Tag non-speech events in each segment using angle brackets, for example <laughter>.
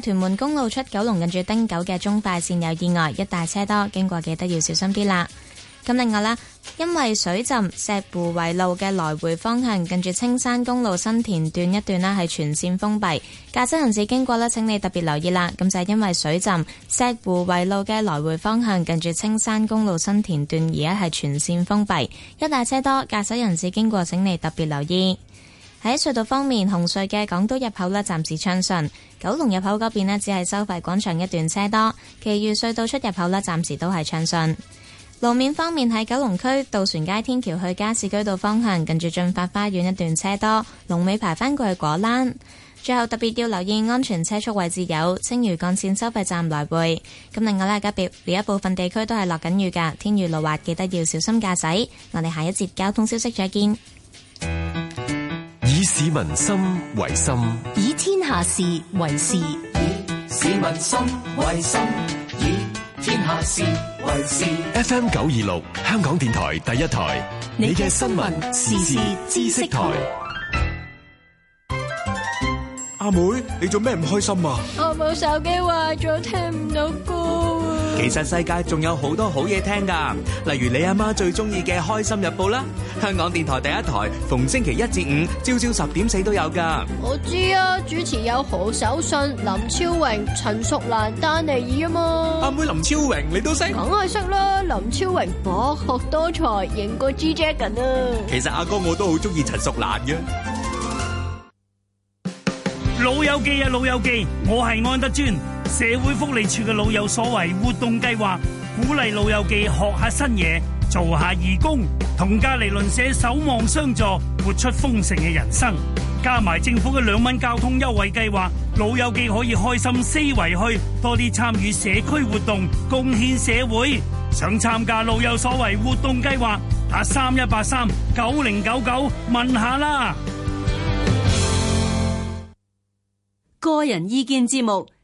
屯門公路出九龍近住汀九嘅中大線有意外，一大車多，經過記得要小心啲啦。咁另外啦，因為水浸石湖圍路嘅，來回方向近住青山公路新田段一段啦，係全線封閉，駕駛人士經過咧，請你特別留意啦。咁就係因為水浸石湖圍路嘅，來回方向近住青山公路新田段，而家係全線封閉，一大車多，駕駛人士經過，請你特別留意。就是喺隧道方面，紅隧嘅港島入口咧暫時暢順，九龍入口嗰邊咧只係收費廣場一段車多，其餘隧道出入口咧暫時都係暢順。路面方面喺九龍區渡船街天橋去加士居道方向，近住駿發花園一段車多，龍尾排返過去果欄。最後特別要留意安全車速位置有青嶼幹線收費站來回。咁另外咧，個別呢一部分地區都係落緊雨噶，天雨路滑，記得要小心駕駛。我哋下一節交通消息再見。嗯以市民心為心，以天下事為事。以市民心為心，以天下事為事。FM 九二六，香港電台第一台，你嘅新聞時事知識台。阿、啊、妹，你做咩唔開心啊？我部手機壞咗，聽唔到歌。其實世界仲有好多好嘢聽噶，例如你阿媽最中意嘅《開心日報》啦，香港電台第一台，逢星期一至五朝朝十點四都有噶。我知啊，主持有何守信林榮、林超榮、陳淑蘭、丹尼爾啊嘛。阿妹林超榮，你都識？梗係識啦，林超榮博學多才，認過 G Dragon 啊。其實阿哥，哥我都好中意陳淑蘭嘅。老友記啊，老友記，我係安德尊。社會福利處嘅老有所為活動計劃，鼓勵老友記學下新嘢，做下義工，同隔籬鄰舍守望相助，活出豐盛嘅人生。加埋政府嘅兩蚊交通優惠計劃，老友記可以開心四圍去，多啲參與社區活動，貢獻社會。想參加老有所為活動計劃，打三一八三九零九九問下啦。個人意見節目。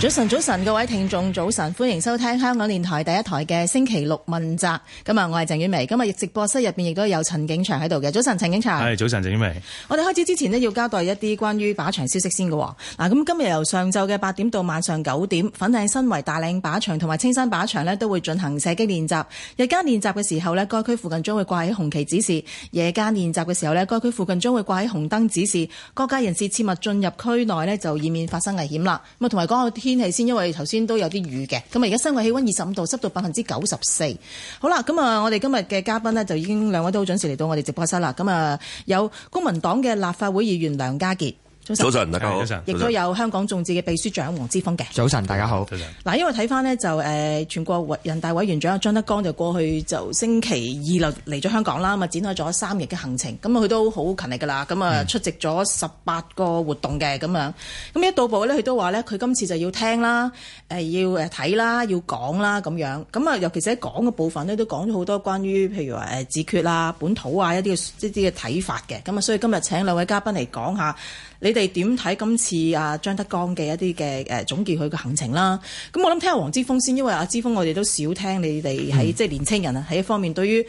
早晨，早晨，各位聽眾早晨，歡迎收聽香港電台第一台嘅星期六問責。今日我係鄭婉薇，今日直播室入邊亦都有陳景祥喺度嘅。早晨，陳景祥。係，早晨，鄭婉薇，我哋開始之前咧，要交代一啲關於靶場消息先嘅喎。嗱，咁今日由上晝嘅八點到晚上九點，粉嶺新圍大嶺靶場同埋青山靶場咧，都會進行射擊練習。日間練習嘅時候咧，該區附近將會掛起紅旗指示，夜間練習嘅時候咧，該區附近將會掛起紅燈指示。各界人士切勿進入區內咧，就以免發生危險啦。咁啊，同埋嗰個天氣先，因為頭先都有啲雨嘅。咁啊而家室外氣溫二十五度，濕度百分之九十四。好啦，咁啊我哋今日嘅嘉賓呢，就已經兩位都好準時嚟到我哋直播室啦。咁啊有公民黨嘅立法會議員梁家傑。早晨，大家好。亦都有香港眾志嘅秘書長黃之鋒嘅。早晨，大家好。早晨嗱，因為睇翻呢，就誒，全國人大委員長張德江就過去就星期二嚟嚟咗香港啦，咁啊展開咗三日嘅行程。咁啊，佢都好勤力噶啦。咁啊，出席咗十八個活動嘅咁樣。咁、嗯、一到步咧，佢都話咧，佢今次就要聽啦，誒要誒睇啦，要講啦咁樣。咁啊，尤其喺講嘅部分呢，都講咗好多關於譬如話誒自決啦、本土啊一啲嘅一啲嘅睇法嘅。咁啊，所以今日請兩位嘉賓嚟講下。你哋點睇今次啊張德江嘅一啲嘅誒總結佢嘅行程啦？咁我諗聽下黃之鋒先，因為阿之鋒我哋都少聽你哋喺即係年青人啊喺一方面對於誒、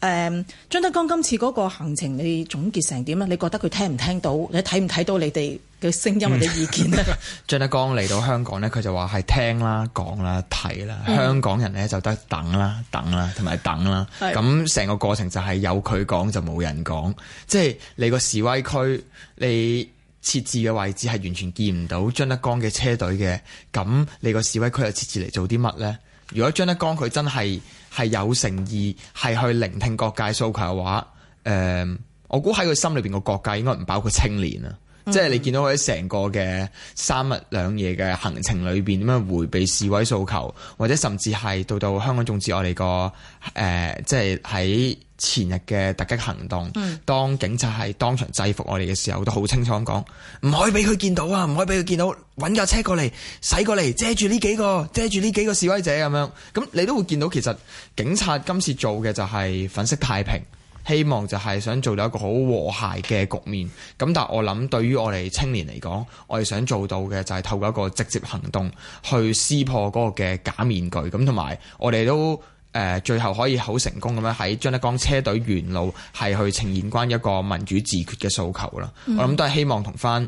嗯、張德江今次嗰個行程你總結成點啊？你覺得佢聽唔聽到？你睇唔睇到你哋嘅聲音或者意見咧？嗯、 <laughs> 張德江嚟到香港呢，佢就話係聽啦、講啦、睇啦。嗯、香港人咧就得等啦、等啦同埋等啦。咁成、嗯、個過程就係有佢講就冇人講，即、就、係、是、你個示威區你設置嘅位置係完全見唔到張德江嘅車隊嘅。咁你個示威區又設置嚟做啲乜呢？如果張德江佢真係係有誠意，係去聆聽各界訴求嘅話，誒、呃，我估喺佢心裏邊個各界應該唔包括青年啊。即係你見到佢喺成個嘅三日兩夜嘅行程裏邊點樣迴避示威訴求，或者甚至係到到香港眾志我哋個誒，即係喺前日嘅突擊行動，當警察係當場制服我哋嘅時候，都好清楚講，唔可以俾佢見到啊！唔可以俾佢見到，揾架車過嚟，駛過嚟，遮住呢幾個，遮住呢幾個示威者咁樣。咁你都會見到，其實警察今次做嘅就係粉飾太平。希望就係想做到一個好和諧嘅局面，咁但係我諗對於我哋青年嚟講，我哋想做到嘅就係透過一個直接行動去撕破嗰個嘅假面具，咁同埋我哋都誒、呃、最後可以好成功咁樣喺張德江車隊沿路係去呈現關一個民主自決嘅訴求啦。嗯、我諗都係希望同翻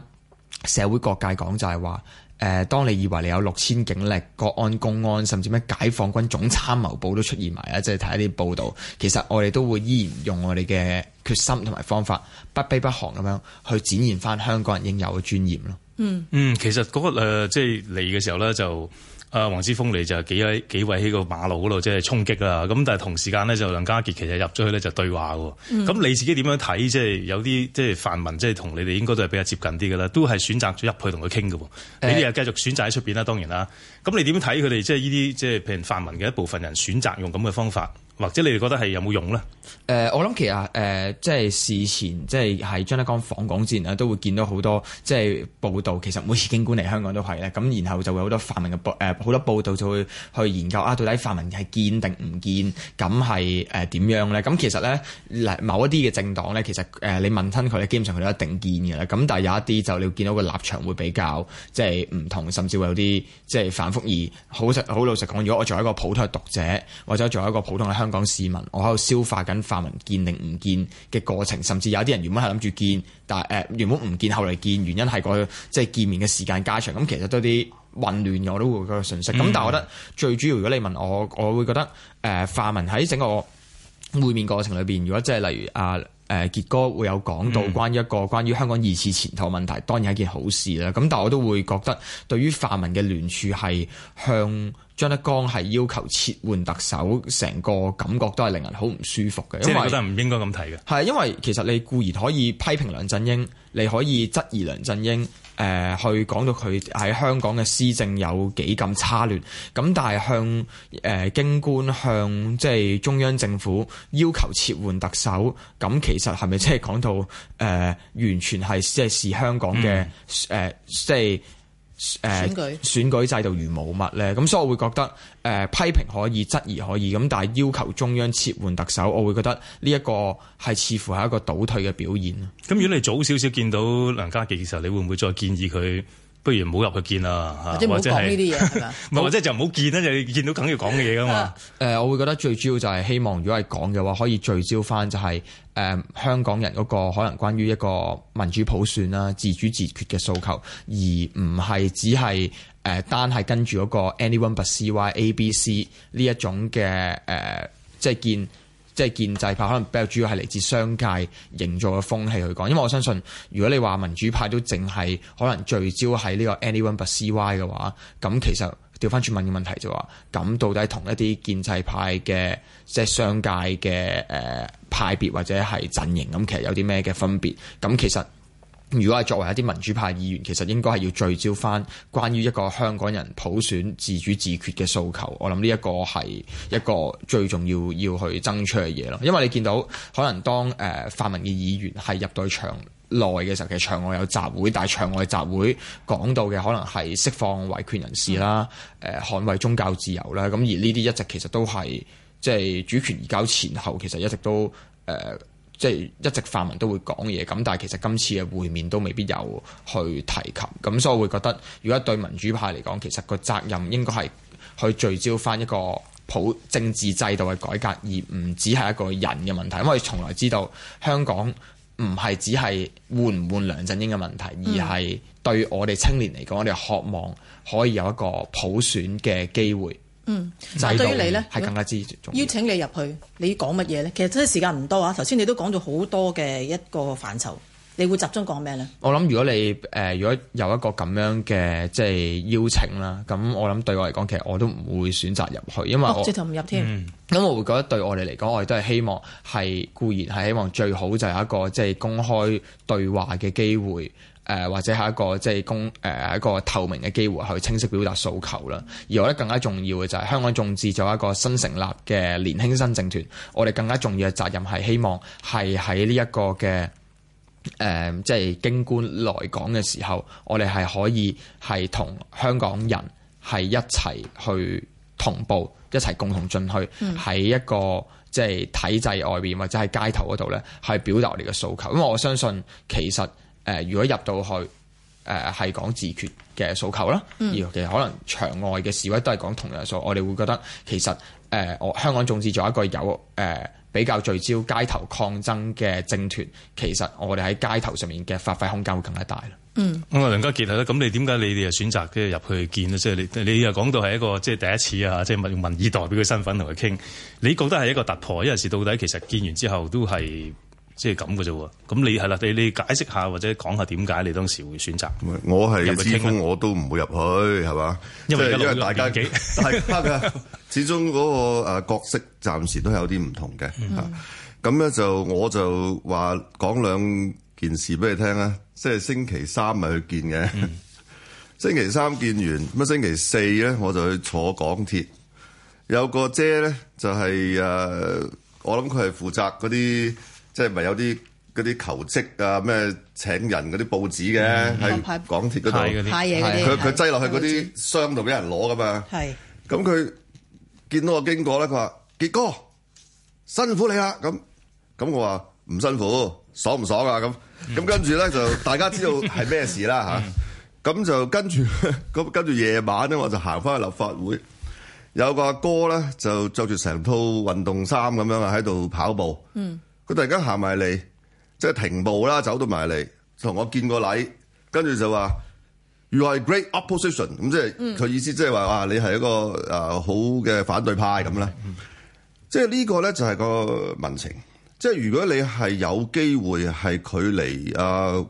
社會各界講就係話。誒，當你以為你有六千警力、國安公安，甚至咩解放軍總參謀部都出現埋啊，即係睇一啲報道，其實我哋都會依然用我哋嘅決心同埋方法，不卑不亢咁樣去展現翻香港人應有嘅尊嚴咯。嗯嗯，其實嗰個，誒，即係嚟嘅時候咧就。誒、啊、黃之鋒你就幾位幾位喺個馬路嗰度即係衝擊啊，咁但係同時間咧就梁家傑其實入咗去咧就，就對話喎。咁、嗯、你自己點樣睇？即、就、係、是、有啲即係泛民，即係同你哋應該都係比較接近啲嘅啦，都係選擇咗入去同佢傾嘅。的你哋又繼續選擇喺出邊啦，當然啦。咁你點睇佢哋即係呢啲即係譬如泛民嘅一部分人選擇用咁嘅方法，或者你哋覺得係有冇用咧？誒、呃，我諗其實誒、呃，即係事前即係喺張德江訪港之前咧，都會見到好多即係報道。其實每次京官嚟香港都係咧，咁然後就會好多泛民嘅報誒，好、呃、多報道就會去研究啊，到底泛民係見定唔見？咁係誒點樣咧？咁其實咧，某一啲嘅政黨咧，其實誒、呃、你問親佢咧，基本上佢都一定見嘅啦。咁但係有一啲就你見到個立場會比較即係唔同，甚至會有啲即係反覆，而好實好老實講。如果我做一個普通嘅讀者，或者做一個普通嘅香港市民，我喺度消化緊見定唔見嘅過程，甚至有啲人原本係諗住見，但誒、呃、原本唔見，後嚟見，原因係、那個即係、就是、見面嘅時間加長，咁其實都啲混亂嘅，我都會個訊息。咁、嗯、但係我覺得最主要，如果你問我，我會覺得誒泛民喺整個會面過程裏邊，如果即係例如阿誒杰哥會有講到關於一個關於香港二次前途問題，嗯、當然係一件好事啦。咁但係我都會覺得對於泛民嘅聯署係向。張德江係要求撤換特首，成個感覺都係令人好唔舒服嘅。因為即係覺得唔應該咁睇嘅。係因為其實你固然可以批評梁振英，你可以質疑梁振英，誒、呃、去講到佢喺香港嘅施政有幾咁差亂。咁但係向誒、呃、京官向即係中央政府要求撤換特首，咁其實係咪即係講到誒、呃、完全係即係視香港嘅誒、嗯呃、即係，誒選,選舉制度如無物咧，咁所以我會覺得誒、呃、批評可以質疑可以，咁但係要求中央撤換特首，我會覺得呢一個係似乎係一個倒退嘅表現。咁、嗯、如果你早少少見到梁家傑嘅時候，你會唔會再建議佢？不如唔好入去見啦，或者唔講呢啲嘢係唔係？ <laughs> 或者就唔好見啦。 <laughs> 就你見到梗要講嘅嘢噶嘛？誒、 <laughs> 呃，我會覺得最主要就係希望，如果係講嘅話，可以聚焦返就係、是、誒、呃、香港人嗰個可能關於一個民主普選啦、自主自決嘅訴求，而唔係只係誒、呃、單係跟住嗰個 anyone but C Y A B C 呢一種嘅誒、呃，即係見。即係建制派可能比較主要係嚟自商界營造嘅風氣去講，因為我相信如果你話民主派都淨係可能聚焦喺呢個 anyone but CY 嘅話，咁其實掉返轉問嘅問題就話、是，咁到底同一啲建制派嘅即係商界嘅誒、呃、派別或者係陣營咁，其實有啲咩嘅分別？咁其實。如果係作為一啲民主派議員，其實應該係要聚焦翻關於一個香港人普選、自主、自決嘅訴求。我諗呢一個係一個最重要要去爭取嘅嘢咯。因為你見到可能當誒、呃、泛民嘅議員係入到場內嘅時候，其實場外有集會，但係場外集會講到嘅可能係釋放維權人士啦、誒、嗯、捍衛宗教自由啦。咁而呢啲一直其實都係即係主權移交前後，其實一直都誒。呃即係一直泛民都會講嘢，咁但係其實今次嘅會面都未必有去提及，咁所以我會覺得如果對民主派嚟講，其實個責任應該係去聚焦翻一個普政治制度嘅改革，而唔只係一個人嘅問題，因為從來知道香港唔係只係換唔換梁振英嘅問題，而係對我哋青年嚟講，我哋渴望可以有一個普選嘅機會。嗯，咁對於你咧，係更加之重要。邀請你入去，你講乜嘢咧？其實真係時間唔多啊！頭先你都講咗好多嘅一個範疇，你會集中講咩咧？我諗如果你誒、呃、如果有一個咁樣嘅即係邀請啦，咁我諗對我嚟講，其實我都唔會選擇入去，因為我、哦、直頭唔入添。咁、嗯、我會覺得對我哋嚟講，我哋都係希望係固然係希望最好就係一個即係、就是、公開對話嘅機會。誒或者係一個即係公誒、呃、一個透明嘅機會去清晰表達訴求啦。而我咧，更加重要嘅就係、是、香港眾志就一個新成立嘅年輕新政團，我哋更加重要嘅責任係希望係喺呢一個嘅誒、呃，即係京官來港嘅時候，我哋係可以係同香港人係一齊去同步一齊共同進去喺、嗯、一個即係體制外邊或者喺街頭嗰度咧去表達我哋嘅訴求。咁我相信其實。誒，如果入到去誒係、呃、講自決嘅訴求啦，嗯、而其實可能場外嘅示威都係講同樣訴求，我哋會覺得其實誒，我、呃、香港眾志做一個有誒、呃、比較聚焦街頭抗爭嘅政團，其實我哋喺街頭上面嘅發揮空間會更加大啦。嗯，咁啊、嗯，梁家傑係啦，咁你點解你哋選擇即係入去見咧？即、就、係、是、你你又講到係一個即係、就是、第一次啊，即係民民意代表嘅身份同佢傾，你覺得係一個突破？因為事到底其實見完之後都係。即係咁嘅啫喎，咁你係啦，你你解釋下或者講下點解你當時會選擇？我係資工，聽聽我都唔會入去，係嘛？因為 <laughs> 因為大家嘅，大家嘅始終嗰個誒角色暫時都有啲唔同嘅嚇。咁咧、嗯啊、就我就話講兩件事俾你聽啦。即係星期三咪去見嘅，嗯、星期三見完，咁啊星期四咧我就去坐港鐵，有個姐咧就係、是、誒、啊，我諗佢係負責嗰啲。即係咪有啲嗰啲求職啊咩請人嗰啲報紙嘅喺港鐵嗰度派嘢嗰啲，佢佢擠落去嗰啲箱度俾人攞噶嘛？係咁佢見到我經過咧，佢話杰哥辛苦你啦。咁咁我話唔辛苦，爽唔爽啊？咁咁跟住咧就大家知道係咩事啦吓。咁、嗯嗯、就跟住咁跟住夜晚咧，我就行翻去立法會，有個阿哥咧就着住成套運動衫咁樣啊喺度跑步。佢突然間行埋嚟，即係停步啦，走到埋嚟同我見過禮，跟住就話 You are a great opposition，咁即係佢、嗯、意思，即係話哇，你係一個誒、呃、好嘅反對派咁啦、嗯。即係呢個咧就係個民情，即係如果你係有機會係距離啊，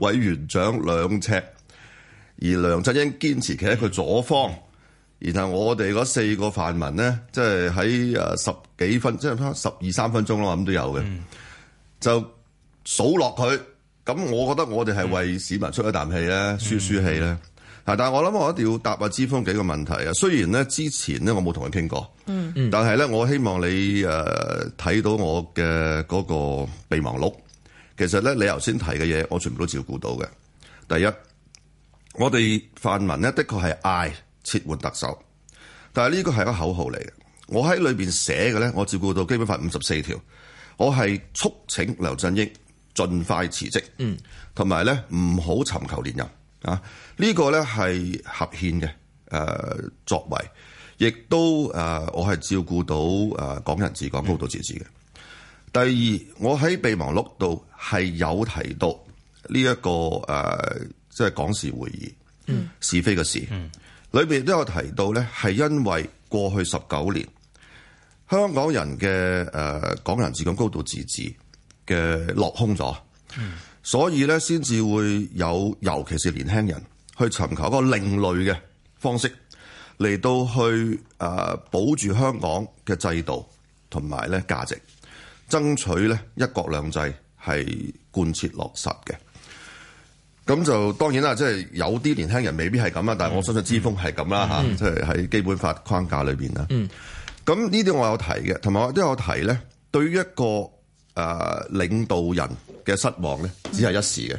委員長兩尺，而梁振英堅持企喺佢左方。然後我哋嗰四個泛民咧，即係喺誒十幾分，即係十二三分鐘咯，咁都、嗯、有嘅。就數落佢咁，我覺得我哋係為市民出一啖氣咧，舒舒氣咧。嚇！嗯、但係我諗，我一定要答阿之鋒幾個問題啊。雖然咧之前咧我冇同佢傾過，嗯，但係咧我希望你誒睇到我嘅嗰個備忘錄。其實咧，你頭先提嘅嘢，我全部都照顧到嘅。第一，我哋泛民咧，的確係嗌。撤換特首，但係呢個係一個口號嚟嘅。我喺裏邊寫嘅咧，我照顧到基本法五十四條，我係促請梁振英盡快辭職，嗯，同埋咧唔好尋求連任啊。呢個咧係合憲嘅誒、呃、作為，亦都誒、呃、我係照顧到誒港、呃、人治港、高度自治嘅。嗯、第二，我喺備忘錄度係有提到呢、這、一個誒、呃，即係港事會議、嗯、是非嘅事。嗯裏邊都有提到咧，係因為過去十九年香港人嘅誒、呃、港人治港高度自治嘅落空咗，嗯、所以咧先至會有，尤其是年輕人去尋求一個另類嘅方式嚟到去誒、呃、保住香港嘅制度同埋咧價值，爭取咧一國兩制係貫徹落實嘅。咁就當然啦，即、就、係、是、有啲年輕人未必係咁啦，但係我相信之鋒係咁啦嚇，即係喺基本法框架裏邊啦。咁呢啲我有提嘅，同埋我都有提咧。對於一個誒、呃、領導人嘅失望咧，只係一時嘅，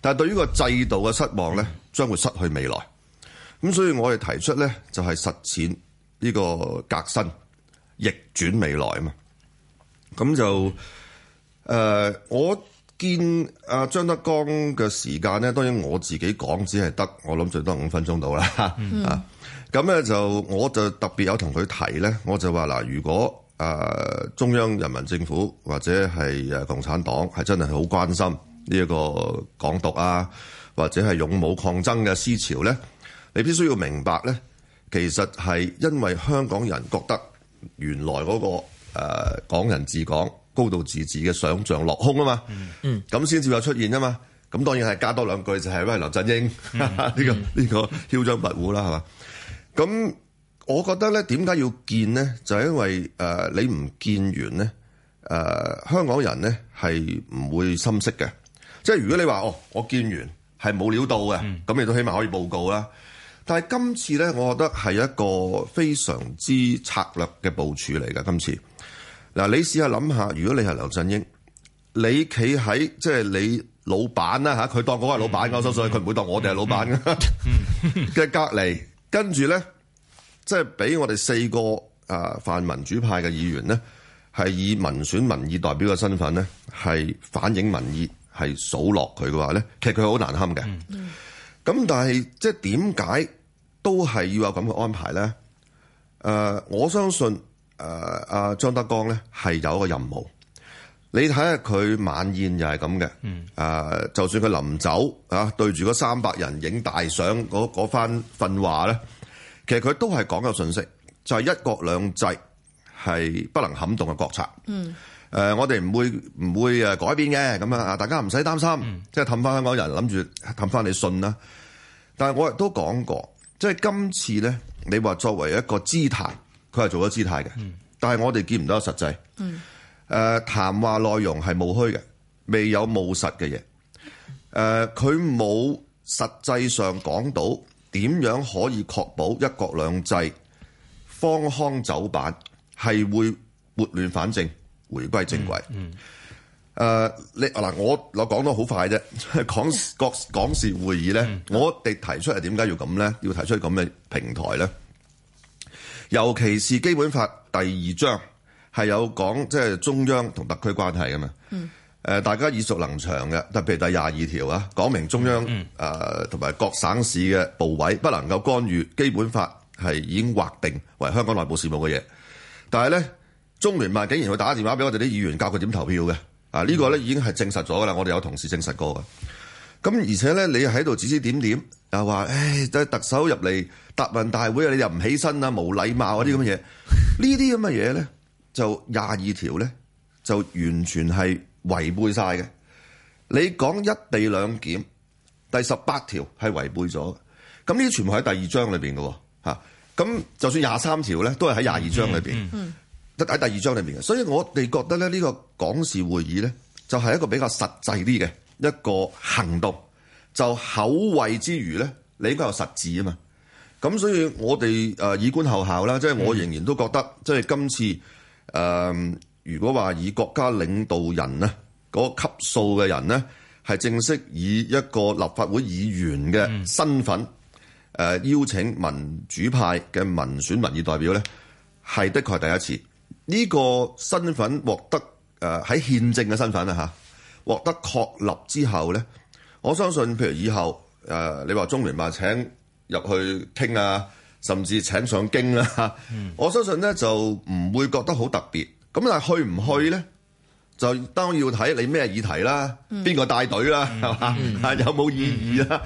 但係對於個制度嘅失望咧，將會失去未來。咁所以，我哋提出咧就係、是、實踐呢個革新，逆轉未來啊嘛。咁就誒、呃、我。見阿、uh, 張德江嘅時間咧，當然我自己講只係得，我諗最多五分鐘到啦嚇。咁 <laughs> 咧、mm. 啊、就我就特別有同佢提咧，我就話嗱，如果誒、呃、中央人民政府或者係誒共產黨係真係好關心呢一個港獨啊，或者係勇武抗爭嘅思潮咧，你必須要明白咧，其實係因為香港人覺得原來嗰、那個、呃、港人治港。.高度自治嘅想像落空啊嘛，咁先至有出現啊嘛，咁當然係加多兩句就係，喂，梁振英呢、嗯 <laughs> 這個呢、這個囂張跋扈啦，係嘛？咁我覺得咧，點解要見咧？就係、是、因為誒、呃、你唔見完咧，誒、呃、香港人咧係唔會心息嘅。即係如果你話哦，我見完係冇料到嘅，咁你都起碼可以報告啦。但係今次咧，我覺得係一個非常之策略嘅部署嚟㗎，今次。嗱，你試下諗下，如果你係梁振英，你企喺即係你老闆啦吓，佢當嗰個係老闆，我相信佢唔會當我哋係老闆嘅。嘅 <laughs> 隔籬，跟住咧，即係俾我哋四個啊泛民主派嘅議員咧，係以民選民意代表嘅身份咧，係反映民意，係數落佢嘅話咧，其實佢好難堪嘅。咁、嗯、但係即係點解都係要有咁嘅安排咧？誒、呃，我相信。誒，阿張、呃、德江咧係有一個任務，你睇下佢晚宴又係咁嘅，誒、嗯呃，就算佢臨走啊，對住嗰三百人影大相，嗰番訓話咧，其實佢都係講嘅信息，就係、是、一國兩制係不能撼動嘅國策。誒、嗯呃，我哋唔會唔會誒改變嘅，咁樣啊，大家唔使擔心，嗯、即係氹翻香港人諗住氹翻你信啦。但係我亦都講過，即係今次咧，你話作為一個姿態。佢係做咗姿態嘅，嗯、但係我哋見唔到實際。誒、嗯呃，談話內容係務虛嘅，未有務實嘅嘢。誒、呃，佢冇實際上講到點樣可以確保一國兩制方康走板係會撥亂反正，回歸正軌。誒、嗯嗯呃，你嗱、呃，我我講得好快啫，講國講，講，講，講是會議咧，嗯、我哋提出係點解要咁咧？要提出咁嘅平台咧？尤其是基本法第二章係有講即係中央同特區關係㗎嘛，誒大家耳熟能詳嘅，特別係第廿二條啊，講明中央誒同埋各省市嘅部委不能夠干預基本法係已經劃定為香港內部事務嘅嘢。但係咧，中聯辦竟然會打電話俾我哋啲議員教佢點投票嘅啊？呢個咧已經係證實咗㗎啦，我哋有同事證實過㗎。咁而且咧，你喺度指指點點又話，唉、哎，特特首入嚟答問大會啊，你又唔起身啊，冇禮貌嗰啲咁嘅嘢，呢啲咁嘅嘢咧，就廿二條咧，就完全係違背晒嘅。你講一地兩檢，第十八條係違背咗。咁呢啲全部喺第二章裏邊嘅喎，嚇。咁就算廿三條咧，都係喺廿二章裏邊，喺、mm hmm. 第二章裏邊嘅。所以我哋覺得咧，呢個港事會議咧，就係一個比較實際啲嘅。一個行動，就口惠之餘咧，你應該有實質啊嘛。咁所以我，我哋誒以觀後效啦，即係我仍然都覺得，嗯、即係今次誒、呃，如果話以國家領導人呢，嗰、那個、級數嘅人呢，係正式以一個立法會議員嘅身份誒、嗯呃、邀請民主派嘅民選民意代表呢，係的確係第一次。呢、這個身份獲得誒喺、呃、憲政嘅身份啦嚇。啊獲得確立之後呢，我相信譬如以後誒、呃，你話中聯辦請入去傾啊，甚至請上京啦、啊嗯、我相信呢就唔會覺得好特別。咁但係去唔去呢？就當然要睇你咩議題啦，邊個帶隊啦，係嘛，有冇意義啦。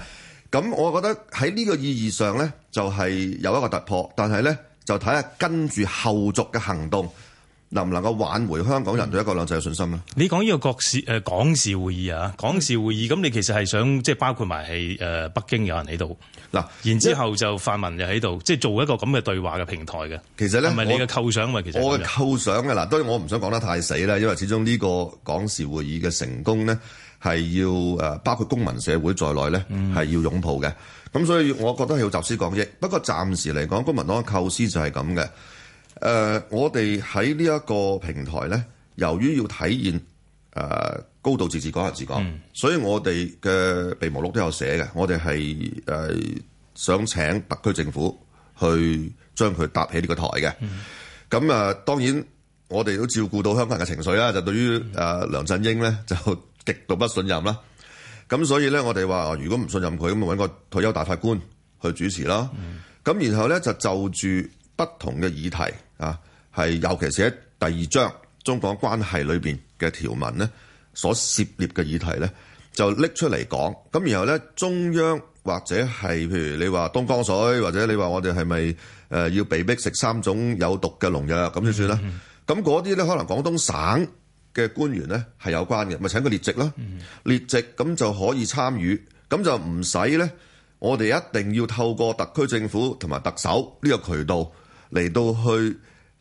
咁、嗯嗯、我覺得喺呢個意義上呢，就係、是、有一個突破，但係呢，就睇下跟住後續嘅行動。能唔能夠挽回香港人對一國兩制有信心咧？你講呢個國事誒港事會議啊，港事會議咁，嗯嗯、你其實係想即係、就是、包括埋係誒北京有人喺度，嗱喏，然之後就泛民又喺度，即、就、係、是、做一個咁嘅對話嘅平台嘅。其實咧，係咪你嘅構，我構想？呃、我嘅構想嘅嗱，當然我唔想講得太死咧，因為始終呢個港事會議嘅成功咧，係要誒包括公民社會在內咧，係、嗯、要擁抱嘅。咁所以，我覺得係要集思廣益。不過暫時嚟講，公民黨嘅構思就係咁嘅。誒，uh, 我哋喺呢一個平台咧，由於要體現誒、呃、高度自治、港人治港，mm. 所以我哋嘅備忘錄都有寫嘅。我哋係誒想請特區政府去將佢搭起呢個台嘅。咁誒、mm. 嗯，當然我哋都照顧到香港人嘅情緒啦，就對於誒梁振英咧就極度不信任啦。咁所以咧，我哋話如果唔信任佢，咁就搵個退休大法官去主持啦。咁、mm. 然後咧就就住不同嘅議題。啊，係尤其是第二章中港關係裏邊嘅條文咧，所涉獵嘅議題呢就拎出嚟講。咁然後呢，中央或者係譬如你話東江水，或者你話我哋係咪誒要被逼食三種有毒嘅農藥咁、mm hmm. 就算啦。咁嗰啲呢，可能廣東省嘅官員呢係有關嘅，咪請佢列席啦。Mm hmm. 列席咁就可以參與，咁就唔使呢，我哋一定要透過特區政府同埋特首呢個渠道。嚟到去誒、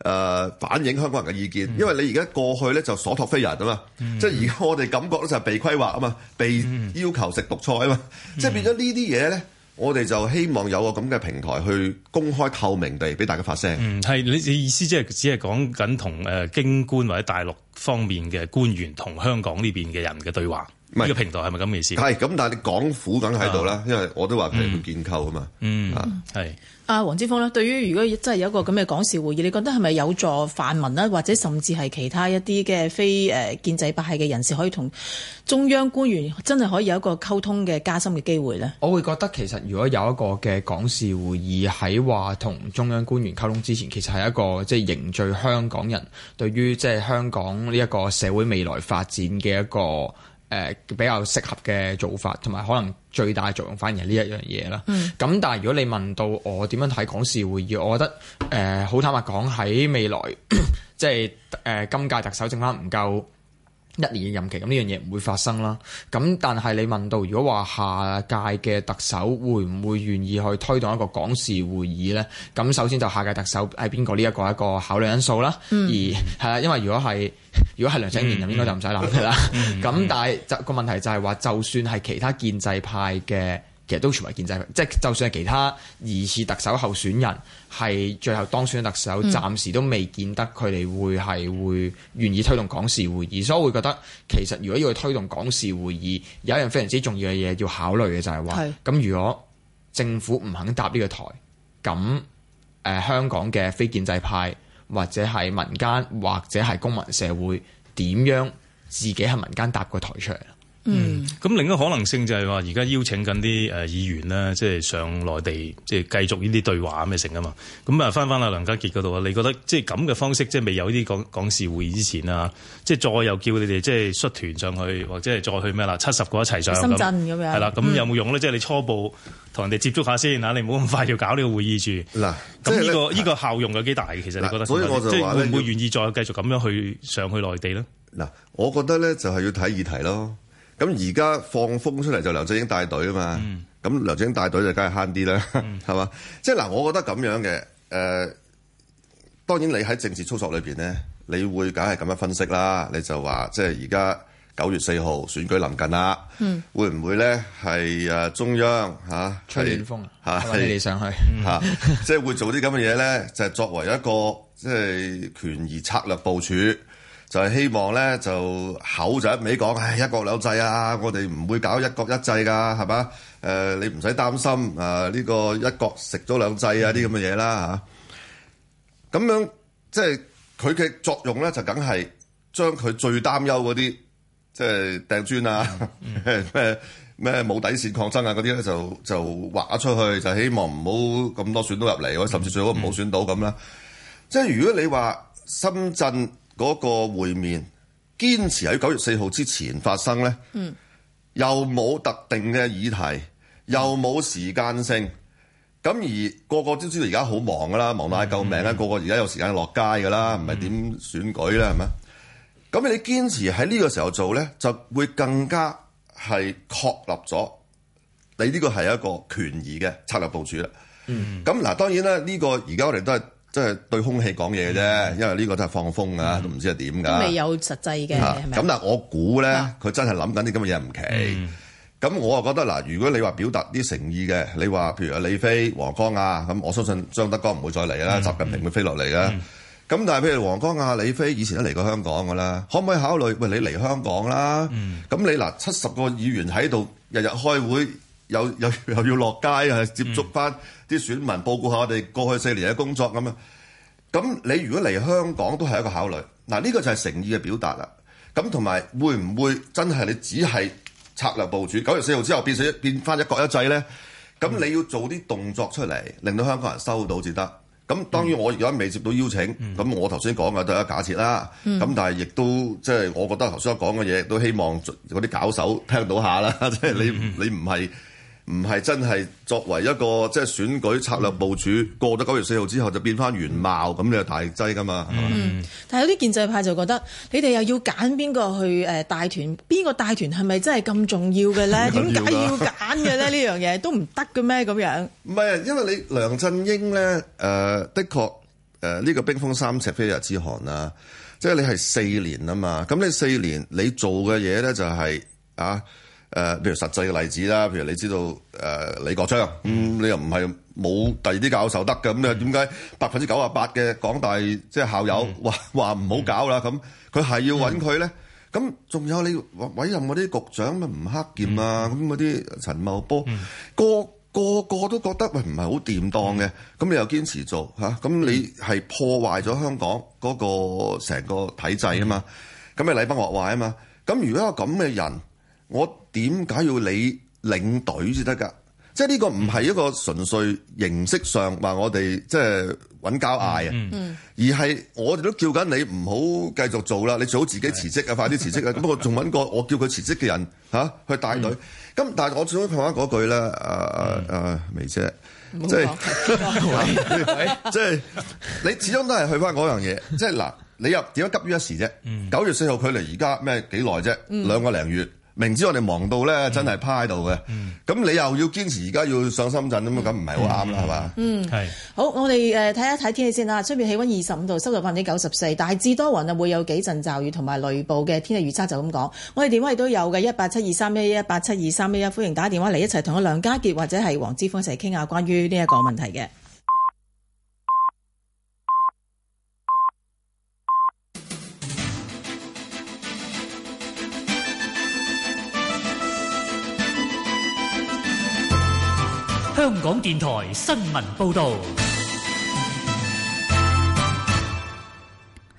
呃、反映香港人嘅意見，嗯、因為你而家過去咧就所託非人啊嘛，嗯、即係而家我哋感覺咧就係被規劃啊嘛，被要求食獨菜啊嘛，嗯、即係變咗呢啲嘢咧，我哋就希望有個咁嘅平台去公開透明地俾大家發聲，係、嗯、你你意思即係只係講緊同誒京官或者大陸方面嘅官員同香港呢邊嘅人嘅對話。呢個平台係咪咁嘅意思？係咁，但係你港府梗喺度啦，啊、因為我都話佢係佢建構啊嘛。嗯，係阿黃之鋒呢，對於如果真係有一個咁嘅港事會議，你覺得係咪有助泛民咧，或者甚至係其他一啲嘅非誒、呃、建制派嘅人士，可以同中央官員真係可以有一個溝通嘅加深嘅機會呢？我會覺得其實如果有一個嘅港事會議喺話同中央官員溝通之前，其實係一個即係、就是、凝聚香港人對於即係香港呢一個社會未來發展嘅一個。誒、呃、比較適合嘅做法，同埋可能最大作用反而係呢一樣嘢啦。咁、嗯、但係如果你問到我點樣睇港事會議，我覺得誒好、呃、坦白講，喺未來即係誒今屆特首剩翻唔夠一年嘅任期，咁呢樣嘢唔會發生啦。咁但係你問到，如果話下屆嘅特首會唔會願意去推動一個港事會議呢？咁首先就下屆特首係邊個呢？一個一個考慮因素啦。嗯、而係啦，因為如果係如果係梁振英，就應該就唔使諗噶啦。咁、嗯嗯嗯嗯、 <laughs> 但係個問題就係、是、話，就算係其他建制派嘅。其實都全為建制派，即、就係、就算係其他疑似特首候選人，係最後當選特首，暫時都未見得佢哋會係會願意推動港事會議，所以我會覺得其實如果要去推動港事會議，有一樣非常之重要嘅嘢要考慮嘅就係話，咁是如果政府唔肯搭呢個台，咁誒香港嘅非建制派或者係民間或者係公民社會，點樣自己喺民間搭個台出嚟。嗯，咁另一個可能性就係話，而家邀請緊啲誒議員咧，即、就、係、是、上內地，即係繼續呢啲對話咪成啊嘛。咁啊，返返阿梁家傑嗰度啊，你覺得即係咁嘅方式，即係未有呢啲港港事會議之前啊，即係再又叫你哋即係率團上去，或者係再去咩啦？七十個一齊上去，深圳咁樣，係啦，咁有冇用咧？嗯、即係你初步同人哋接觸下先啊！你唔好咁快要搞呢個會議住嗱。咁、就是、呢、呢個呢個嘗嘗效用有幾大嘅？其實你覺得，即係會唔會願意再繼續咁樣去上去內地咧？嗱，我覺得咧就係要睇議題咯。咁而家放風出嚟就梁振英帶隊啊嘛，咁梁振英帶隊就梗係慳啲啦，係嘛、嗯？ <laughs> 即嗱，我覺得咁樣嘅，誒、呃，當然你喺政治操作裏邊咧，你會梗係咁樣分析啦。你就話，即係而家九月四號選舉臨近啦，嗯、會唔會咧係誒中央嚇吹風嚇你上去嚇，即會做啲咁嘅嘢咧？就係、作為一個即、就係、權宜策略部署。就係希望咧，就口就一味講，唉、哎，一國兩制啊！我哋唔會搞一國一制噶，係嘛？誒、呃，你唔使擔心啊！呢、這個一國食咗兩制啊，啲咁嘅嘢啦嚇。咁樣即係佢嘅作用咧，就梗係將佢最擔憂嗰啲，即係掟磚啊，咩咩冇底線抗爭啊嗰啲咧，就就話出去，就是、希望唔好咁多選到入嚟，甚至最好唔好選到咁啦。即係、 <music> <music> 就是、如果你話深圳。嗰個會面堅持喺九月四號之前發生咧，嗯、又冇特定嘅議題，又冇時間性。咁而個個都知道而家好忙噶啦，忙到嗌救命啦，嗯、個個而家有時間落街噶啦，唔係點選舉咧，係咪，嗯？咁你堅持喺呢個時候做咧，就會更加係確立咗你呢個係一個權宜嘅策略部署啦。咁嗱、嗯，當然啦，呢、呢個而家我哋都係。即係對空氣講嘢嘅啫，因為呢個都係放風啊，嗯、都唔知係點㗎。未有實際嘅係咪？咁、嗯、但係我估咧，佢真係諗緊啲咁嘅嘢唔奇。咁我又覺得嗱，如果你話表達啲誠意嘅，你話譬如阿李飛、黃江啊，咁我相信張德江唔會再嚟啦，習近平會飛落嚟啦。咁、嗯嗯、但係譬如黃江啊、李飛以前都嚟過香港㗎啦，可唔可以考慮？喂，你嚟香港啦，咁、嗯、你嗱七十個議員喺度日日開會。又又又要落街啊！接觸翻啲選民，報告下我哋過去四年嘅工作咁啊！咁你如果嚟香港都係一個考慮嗱，呢個就係誠意嘅表達啦。咁同埋會唔會真係你只係策略部署？九月四號之後變成變翻一國一制咧？咁你要做啲動作出嚟，令到香港人收到至得。咁當然我而家未接到邀請，咁我頭先講嘅都係假設啦。咁但係亦都即係我覺得頭先講嘅嘢都希望嗰啲搞手聽到下啦。即係你你唔係。唔係真係作為一個即係選舉策略部署，過咗九月四號之後就變翻原貌，咁你就大劑噶嘛？嗯，但係有啲建制派就覺得，你哋又要揀邊個去誒帶團，邊個帶團係咪真係咁重要嘅咧？點解要揀嘅咧？呢 <laughs> 樣嘢都唔得嘅咩？咁樣唔係啊，因為你梁振英咧誒、呃，的確誒呢、呃這個冰封三尺非日之寒啦，即係你係四年啊嘛，咁你四年你做嘅嘢咧就係、是、啊。誒，譬、呃、如實際嘅例子啦，譬如你知道誒、呃、李國章，咁、嗯、你又唔係冇第二啲教授得嘅，咁你點解百分之九啊八嘅港大即係校友話話唔好搞啦？咁佢係要揾佢咧？咁仲有你委任嗰啲局長咪吳克儉啊，咁嗰啲陳茂波，嗯、個個個都覺得喂唔係好掂當嘅，咁、嗯、你又堅持做吓？咁、啊、你係破壞咗香港嗰個成個體制啊嘛？咁、嗯嗯、你禮崩樂壞啊嘛？咁如果有個咁嘅人，我點解要你領隊先得噶？即係呢個唔係一個純粹形式上話我哋即係揾交嗌啊，嗯嗯、而係我哋都叫緊你唔好繼續做啦，你最好自己辭職啊，快啲辭職啊！咁我仲揾個我叫佢辭職嘅人吓、啊、去帶隊、嗯。咁但係我始終講翻嗰句咧，阿阿阿薇姐，即係即係你始終都係去翻嗰樣嘢。即係嗱，你又點樣急於一時啫？九、嗯、月四號距離而家咩幾耐啫？兩個零月。明知我哋忙到咧，真係趴喺度嘅。咁你又要堅持而家要上深圳咁，咁唔係好啱啦，係嘛？嗯，係。好，我哋誒睇一睇天氣先啦。出面氣温二十五度，濕度百分之九十四，大致多雲啊，會有幾陣驟雨同埋雷暴嘅天氣預測就咁講。我哋電話亦都有嘅，一八七二三一一，一八七二三一一，歡迎打電話嚟一齊同阿梁家傑或者係黃之鋒一齊傾下關於呢一個問題嘅。香港電台新聞報道。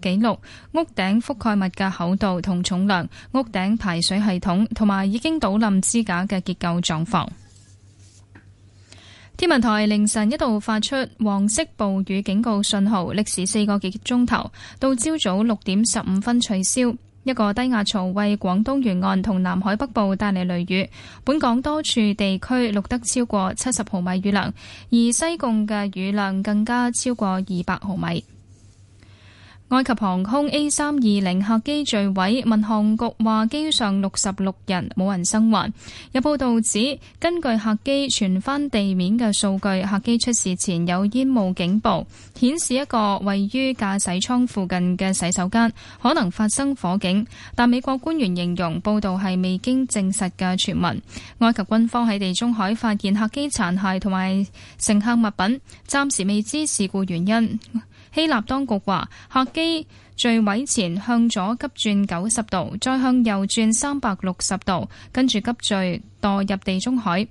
記錄屋頂覆蓋物嘅厚度同重量、屋頂排水系統同埋已經倒冧支架嘅結構狀況。天文台凌晨一度發出黃色暴雨警告信號，歷時四個幾鐘頭，到朝早六點十五分取消。一個低壓槽為廣東沿岸同南海北部帶嚟雷雨，本港多處地區錄得超過七十毫米雨量，而西貢嘅雨量更加超過二百毫米。埃及航空 A 三二零客機墜毀，民航局話機上六十六人冇人生還。有報道指，根據客機傳翻地面嘅數據，客機出事前有煙霧警報，顯示一個位於駕駛艙附近嘅洗手間可能發生火警。但美國官員形容報道係未經證實嘅傳聞。埃及軍方喺地中海發現客機殘骸同埋乘客物品，暫時未知事故原因。希臘當局話客機墜毀前向左急轉九十度，再向右轉三百六十度，跟住急墜墮入地中海。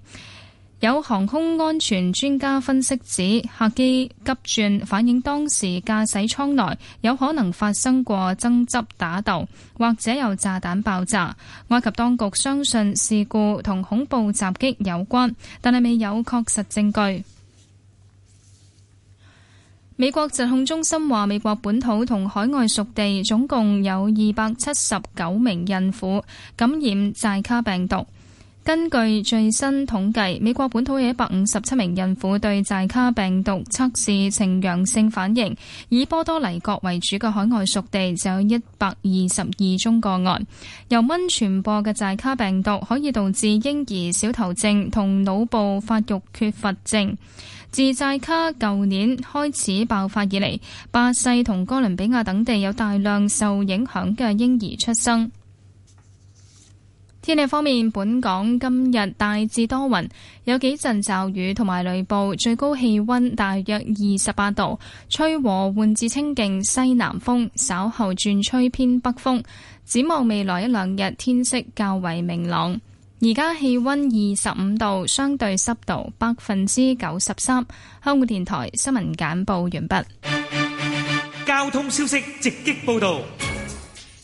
有航空安全專家分析指，客機急轉反映當時駕駛艙內有可能發生過爭執打鬥，或者有炸彈爆炸。埃及當局相信事故同恐怖襲擊有關，但係未有確實證據。美國疾控中心話，美國本土同海外屬地總共有二百七十九名孕婦感染寨卡病毒。根據最新統計，美國本土有一百五十七名孕婦對寨卡病毒測試呈陽性反應，以波多黎各為主嘅海外屬地就有一百二十二宗個案。由蚊傳播嘅寨卡病毒可以導致嬰兒小頭症同腦部發育缺乏症。自寨卡舊年開始爆發以嚟，巴西同哥倫比亞等地有大量受影響嘅嬰兒出生。天氣方面，本港今日大致多雲，有幾陣驟雨同埋雷暴，最高氣温大約二十八度，吹和緩至清勁西南風，稍後轉吹偏北風。展望未來一兩日，天色較為明朗。而家氣溫二十五度，相對濕度百分之九十三。香港電台新聞簡報完畢。交通消息直擊報道。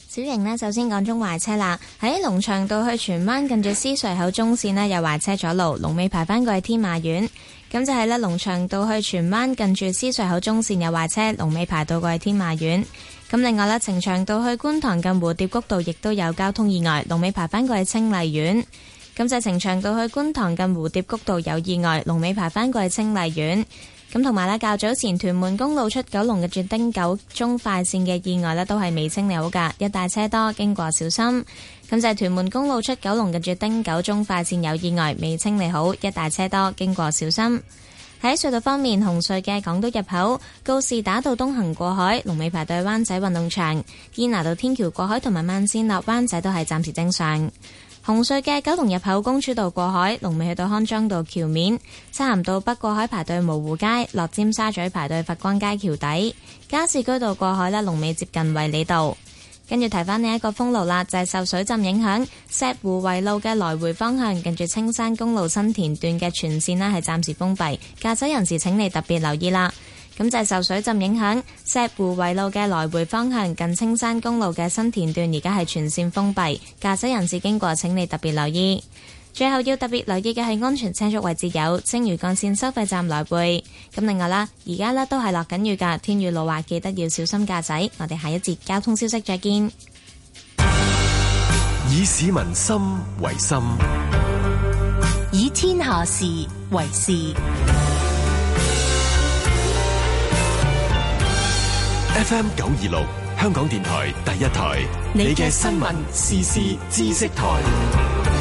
小瑩呢，首先講中環車啦，喺龍翔道去荃灣近住獅隧口中綫呢有壞車阻路，龍尾排翻過去天馬苑。咁就係呢，龍翔道去荃灣近住獅隧口中綫有壞車，龍尾排到過去天馬苑。咁另外咧，呈祥道去觀塘近蝴蝶谷道亦都有交通意外，龍尾排返過去清麗苑。咁就呈祥道去觀塘近蝴蝶谷道有意外，龍尾排返過去清麗苑。咁同埋咧，較早前屯門公路出九龍嘅轉汀九中快線嘅意外呢，都係未清理好噶，一大車多，經過小心。咁就屯門公路出九龍嘅轉汀九中快線有意外，未清理好，一大車多，經過小心。喺隧道方面，紅隧嘅港島入口告士打道東行過海龍尾排隊；灣仔運動場堅拿道天橋過海同埋慢線落灣仔都係暫時正常。紅隧嘅九龍入口公主道過海龍尾去到康莊道橋面，漆咸道北過海排隊蕪湖街落尖沙咀排隊佛光街橋底，加士居道過海咧龍尾接近衞理道。跟住提翻呢一個封路啦，就係受水浸影響，石湖圍路嘅來回方向，近住青山公路新田段嘅全線呢係暫時封閉，駕駛人士請你特別留意啦。咁就係受水浸影響，石湖圍路嘅來回方向，近青山公路嘅新田段而家係全線封閉，駕駛人士經過請你特別留意。最後要特別留意嘅係安全車速位置有青嶼幹綫收費站來背，咁另外啦，而家咧都係落緊雨噶，天雨路滑記得要小心駕駛。我哋下一節交通消息再見。以市民心為心，以天下事為事。F M 九二六香港電台第一台，你嘅新聞、時事、知識台。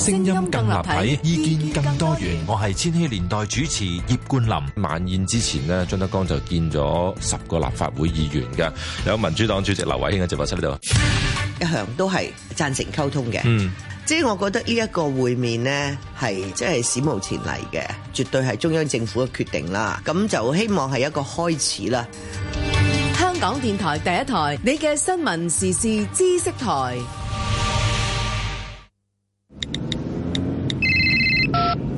聲音更立體，意見更多元。我係千禧年代主持葉冠霖。晚宴之前呢，張德江就見咗十個立法會議員嘅，有民主黨主席劉慧卿，喺直播室呢度，一向都係贊成溝通嘅。嗯，即係我覺得呢一個會面呢，係即係史無前例嘅，絕對係中央政府嘅決定啦。咁就希望係一個開始啦。香港電台第一台，你嘅新聞時事知識台。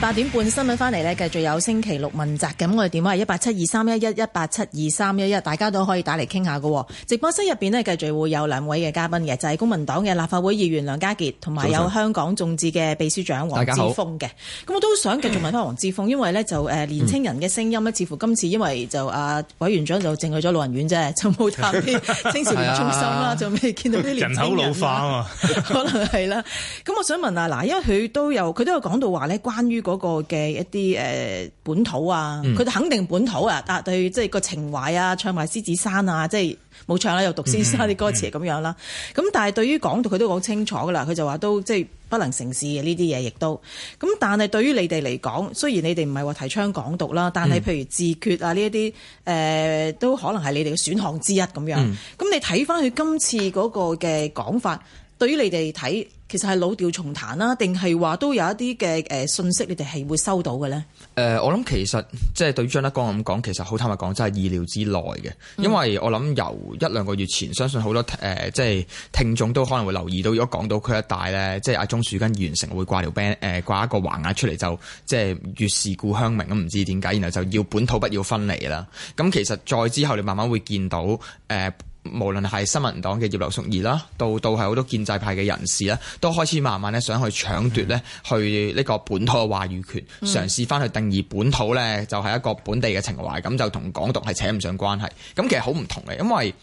八點半新聞翻嚟咧，繼續有星期六問責。咁，我哋電話係一八七二三一一一八七二三一一，大家都可以打嚟傾下噶。直播室入邊呢，繼續會有兩位嘅嘉賓嘅，就係、是、公民黨嘅立法會議員梁家傑，同埋有香港眾志嘅秘書長黃之鋒嘅。咁我都想繼續問翻黃之鋒，因為呢就誒，年青人嘅聲音呢，似乎今次因為就阿、啊、委員長就淨去咗老人院啫，就冇探啲青少年中心啦，就未見到啲年輕人。人口老化啊 <laughs> 可能係啦。咁我想問下嗱，因為佢都有佢都有講到話呢關於。於嗰個嘅一啲誒、呃、本土啊，佢哋、嗯、肯定本土啊，但對，即係個情懷啊，唱埋獅子山啊，即係冇唱啦，又讀獅子山啲歌詞咁樣啦。咁、嗯、但係對於港獨，佢都好清楚㗎喇，佢就話都即係不能成事嘅呢啲嘢，亦都咁。但係對於你哋嚟講，雖然你哋唔係話提倡港獨啦，但係譬如自決啊呢一啲誒，都可能係你哋嘅選項之一咁樣。咁、嗯、你睇返佢今次嗰個嘅講法。對於你哋睇，其實係老調重彈啦，定係話都有一啲嘅誒信息，你哋係會收到嘅咧？誒、呃，我諗其實即係對於張德江咁講，其實好坦白講，真係意料之內嘅，因為我諗由一兩個月前，相信好多誒即係聽眾都可能會留意到，如果講到區一帶咧，即係阿鍾樹根完成會掛條 band 誒、呃、掛一個橫額出嚟，就即係越是故鄉明咁，唔知點解，然後就要本土不要分離啦。咁其實再之後，你慢慢會見到誒。呃無論係新民黨嘅葉劉淑儀啦，到到係好多建制派嘅人士咧，都開始慢慢咧想去搶奪咧，去呢個本土嘅話語權，嗯、嘗試翻去定義本土咧，就係一個本地嘅情懷，咁就同港獨係扯唔上關係。咁其實好唔同嘅，因為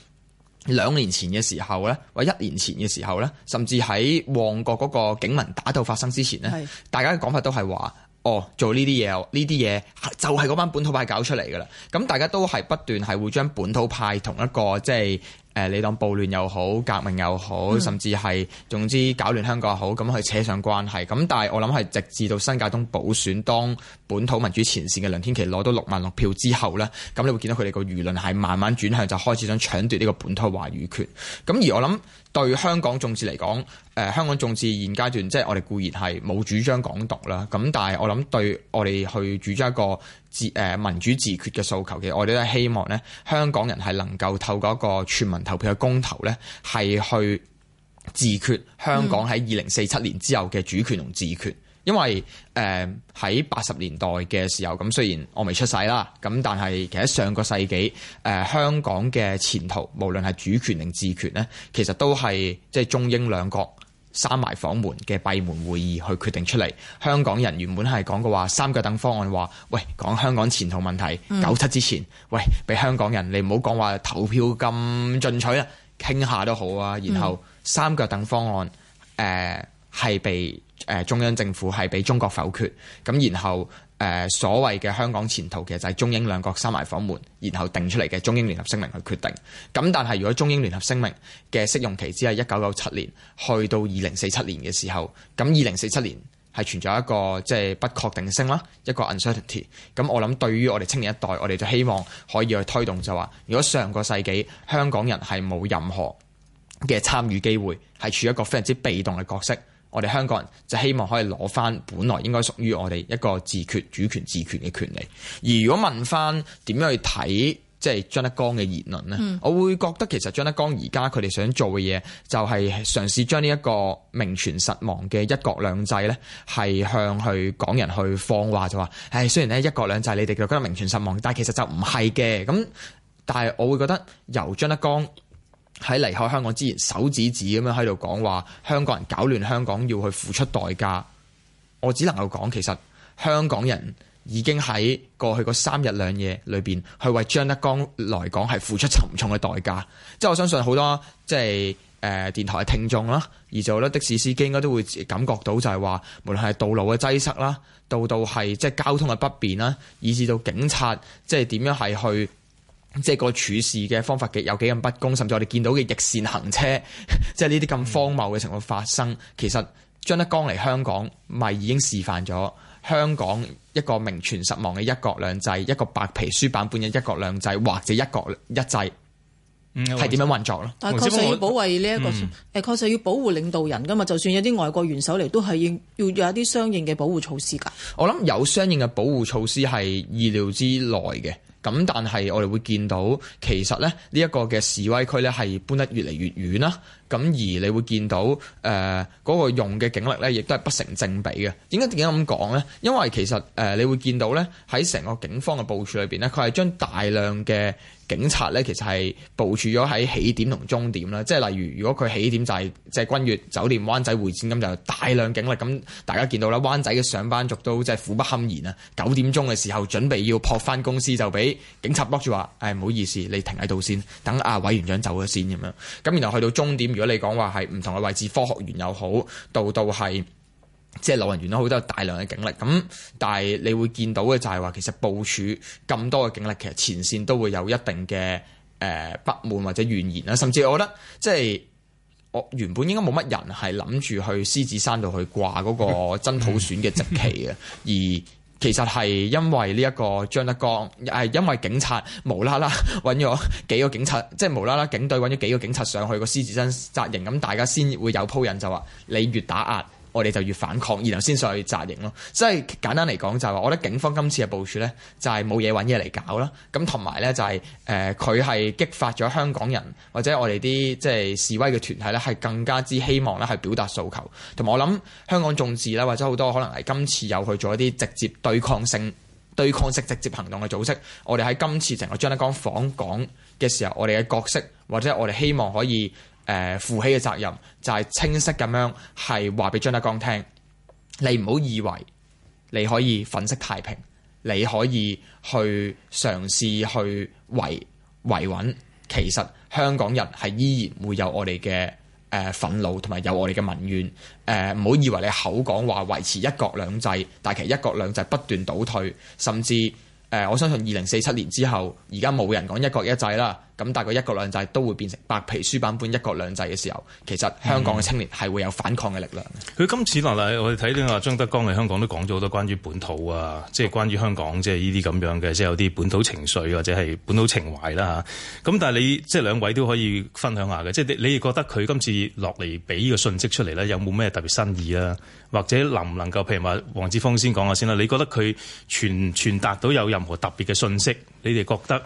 兩年前嘅時候咧，或一年前嘅時候咧，甚至喺旺角嗰個警民打鬥發生之前咧，是大家嘅講法都係話。哦，做呢啲嘢，呢啲嘢就係、是、嗰班本土派搞出嚟噶啦。咁大家都係不斷係會將本土派同一個即係誒、呃、你當暴亂又好、革命又好，甚至係總之搞亂香港又好，咁去扯上關係。咁但係我諗係直至到新界東補選當。本土民主前線嘅梁天琦攞到六萬六票之後咧，咁你會見到佢哋個輿論係慢慢轉向，就開始想搶奪呢個本土話語權。咁而我諗對香港眾志嚟講，誒、呃、香港眾志現階段即係我哋固然係冇主張港獨啦，咁但係我諗對我哋去主張一個自誒、呃、民主自決嘅訴求嘅，我哋都係希望咧香港人係能夠透過一個全民投票嘅公投咧，係去自決香港喺二零四七年之後嘅主權同自決。嗯因為誒喺八十年代嘅時候，咁雖然我未出世啦，咁但係其實上個世紀誒香港嘅前途，無論係主權定治權呢其實都係即係中英兩國閂埋房門嘅閉門會議去決定出嚟。香港人原本係講嘅話，三腳凳方案話，喂，講香港前途問題、嗯、九七之前，喂，俾香港人你唔好講話投票咁進取啊，傾下都好啊，然後三腳凳方案誒係、呃、被。誒中央政府係俾中國否決，咁然後誒、呃、所謂嘅香港前途其實就係中英兩國閂埋房門，然後定出嚟嘅中英聯合聲明去決定。咁但係如果中英聯合聲明嘅適用期只係一九九七年去到二零四七年嘅時候，咁二零四七年係存在一個即係、就是、不確定性啦，一個 uncertainty。咁我諗對於我哋青年一代，我哋就希望可以去推動就話、是，如果上個世紀香港人係冇任何嘅參與機會，係處於一個非常之被動嘅角色。我哋香港人就希望可以攞翻本來應該屬於我哋一個自決、主權、自權嘅權利。而如果問翻點樣去睇，即係張德江嘅言論呢，嗯、我會覺得其實張德江而家佢哋想做嘅嘢，就係嘗試將呢一個名存實亡嘅一國兩制呢，係向去港人去放話，就話，唉，雖然呢一國兩制你哋覺得名存實亡，但係其實就唔係嘅。咁，但係我會覺得由張德江喺離開香港之前，手指指咁樣喺度講話，香港人搞亂香港要去付出代價。我只能夠講，其實香港人已經喺過去嗰三日兩夜裏邊，去為張德江來講係付出沉重嘅代價。即係我相信好多即係誒、呃、電台嘅聽眾啦，而做嘅的士司機應該都會感覺到就係話，無論係道路嘅擠塞啦，到到係即係交通嘅不便啦，以至到警察即係點樣係去。即係個處事嘅方法幾有幾咁不公，甚至我哋見到嘅逆線行車，即係呢啲咁荒謬嘅情況發生，嗯、其實張德江嚟香港咪已經示範咗香港一個名存實亡嘅一國兩制，一個白皮書版本嘅一國兩制或者一國一制，係點、嗯、樣運作咯？但係確實要保護呢一個，誒、嗯，確實要保護領導人噶嘛？就算有啲外國元首嚟，都係要要有一啲相應嘅保護措施㗎。我諗有相應嘅保護措施係意料之內嘅。咁但係我哋會見到，其實咧呢一個、這個嘅示威區咧係搬得越嚟越遠啦。咁而你會見到，誒、呃、嗰、那個用嘅警力咧，亦都係不成正比嘅。點解，點解咁講咧？因為其實誒、呃、你會見到咧，喺成個警方嘅部署裏邊咧，佢係將大量嘅警察呢，其實係部署咗喺起點同終點啦，即係例如如果佢起點就係即係君悦酒店灣仔會展咁，就大量警力咁，大家見到啦，灣仔嘅上班族都即係苦不堪言啊！九點鐘嘅時候準備要撲翻公司，就俾警察擋住話：誒唔好意思，你停喺度先，等阿委員長走咗先咁樣。咁然後去到終點，如果你講話係唔同嘅位置，科學園又好，到到係。即係老人院都好多有大量嘅警力咁，但係你會見到嘅就係話，其實部署咁多嘅警力，其實前線都會有一定嘅誒不滿或者怨言啦。甚至我覺得即係我原本應該冇乜人係諗住去獅子山度去掛嗰個真普選嘅直幡嘅， <laughs> 而其實係因為呢一個張德江，係因為警察無啦啦揾咗幾個警察，即係無啦啦警隊揾咗幾個警察上去個獅子山紮營，咁大家先會有鋪引，就話你越打壓。我哋就越反抗，然後先上去集刑咯。即係簡單嚟講，就係話，我覺得警方今次嘅部署呢，就係冇嘢揾嘢嚟搞啦。咁同埋呢，就係誒佢係激發咗香港人或者我哋啲即係示威嘅團體呢，係更加之希望呢係表達訴求。同埋我諗香港眾志啦，或者好多可能係今次又去做一啲直接對抗性、對抗式直接行動嘅組織。我哋喺今次成個張德江訪港嘅時候，我哋嘅角色或者我哋希望可以。誒負、呃、起嘅責任就係、是、清晰咁樣係話俾張德江聽，你唔好以為你可以粉飾太平，你可以去嘗試去維維穩，其實香港人係依然會有我哋嘅誒憤怒同埋有我哋嘅民怨。誒唔好以為你口講話維持一國兩制，但係其實一國兩制不斷倒退，甚至誒、呃、我相信二零四七年之後，而家冇人講一國一制啦。咁大概一國兩制都會變成白皮書版本一國兩制嘅時候，其實香港嘅青年係會有反抗嘅力量。佢今次落嚟，我哋睇到話張德江喺香港都講咗好多關於本土啊，即係關於香港即係呢啲咁樣嘅，即係有啲本土情緒或者係本土情懷啦嚇。咁但係你即係兩位都可以分享下嘅，即係你你哋覺得佢今次落嚟俾呢個訊息出嚟咧，有冇咩特別新意啊？或者能唔能夠譬如話黃之鋒先講下先啦？你覺得佢傳傳達到有任何特別嘅訊息？你哋覺得？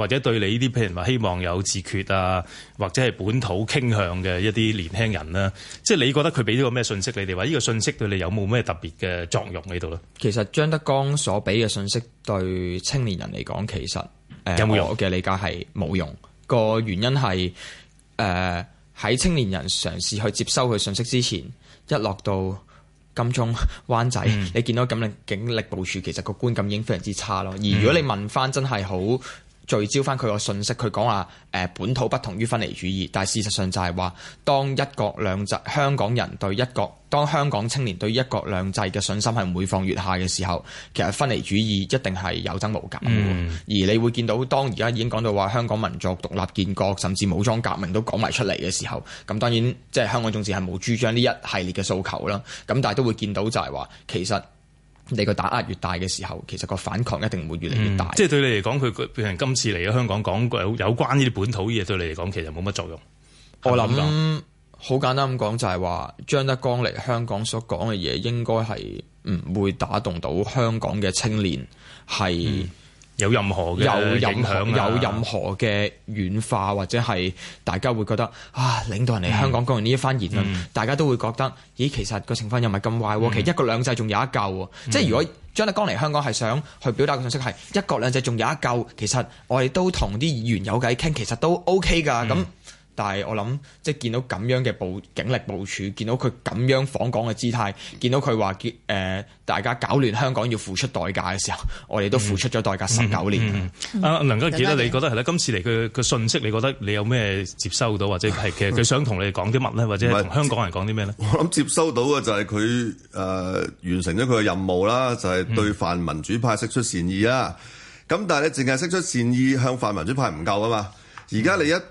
或者對你呢啲譬如話希望有自決啊，或者係本土傾向嘅一啲年輕人啦。即係你覺得佢俾咗個咩信息？你哋話呢個信息對你有冇咩特別嘅作用喺度咧？其實張德江所俾嘅信息對青年人嚟講，其實、呃、有冇用？我嘅理解係冇用。個原因係誒喺青年人嘗試去接收佢信息之前，一落到金鐘灣仔，嗯、你見到咁嘅警力部署，其實個觀感已經非常之差咯。而如果你問翻真係好。嗯聚焦翻佢個信息，佢講話誒本土不同於分離主義，但係事實上就係話，當一國兩制香港人對一國，當香港青年對一國兩制嘅信心係每況愈下嘅時候，其實分離主義一定係有增無減。嗯、而你會見到當而家已經講到話香港民族獨立建國，甚至武裝革命都講埋出嚟嘅時候，咁當然即係、就是、香港眾治係冇主張呢一系列嘅訴求啦。咁但係都會見到就係話，其實。你個打壓越大嘅時候，其實個反抗一定會越嚟越大。嗯、即係對你嚟講，佢變成今次嚟咗香港講有有關呢啲本土嘢，對你嚟講其實冇乜作用。我諗想好簡單咁講，就係話張德江嚟香港所講嘅嘢，應該係唔會打動到香港嘅青年係、嗯、有任何嘅影響、啊，有任何嘅軟化，或者係大家會覺得啊，領導人嚟香港講、嗯、完呢一番言論，嗯、大家都會覺得，咦，其實個情況又唔係咁壞，嗯、其實一國兩制仲有一嚿喎。嗯、即係如果張德江嚟香港係想去表達嘅信息係一國兩制仲有一嚿，其實我哋都同啲議員有偈傾，其實都 OK 噶。咁、嗯。但係我諗，即係見到咁樣嘅布警力部署，見到佢咁樣訪港嘅姿態，見到佢話結誒，大家搞亂香港要付出代價嘅時候，我哋都付出咗代價十九年、嗯嗯嗯。啊，能夠記得你覺得係啦、嗯嗯，今次嚟佢嘅信息，你覺得你有咩接收到，或者係其實佢想同你哋講啲乜咧，或者同香港人講啲咩咧？我諗接收到嘅就係佢誒完成咗佢嘅任務啦，就係、是、對泛民主派釋出善意啊。咁、嗯、但係你淨係釋出善意向泛民主派唔夠啊嘛。而家你一、嗯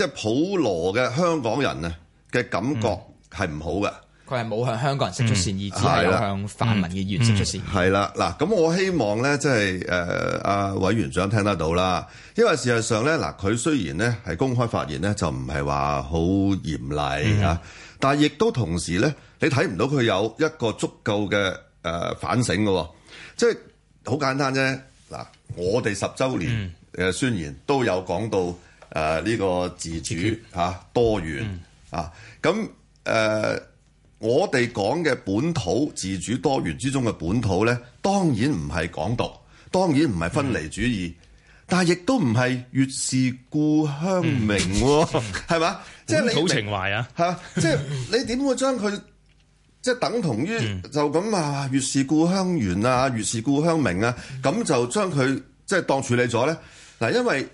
即係普羅嘅香港人啊嘅感覺係唔、嗯、好嘅，佢係冇向香港人釋出善意，嗯、只係向泛民嘅議員釋出善意。係啦、嗯，嗱、嗯，咁我希望咧，即係誒，阿、啊、委員長聽得到啦，因為事實上咧，嗱，佢雖然咧係公開發言咧，就唔係話好嚴厲啊，嗯、但係亦都同時咧，你睇唔到佢有一個足夠嘅誒反省嘅，即係好簡單啫。嗱，我哋十周年誒宣言都有講到。誒，呢、啊這個自主吓、啊、多元、嗯、啊，咁、啊、誒，我哋講嘅本土自主多元之中嘅本土咧，當然唔係港獨，當然唔係分離主義，嗯、但係亦都唔係越是故鄉明，係嘛？即係本土情懷啊，吓！即係、啊 <laughs> 就是、你點會將佢即係等同於就咁啊？越是故鄉圓啊，越是故鄉明啊，咁就將佢即係當處理咗咧？嗱，因為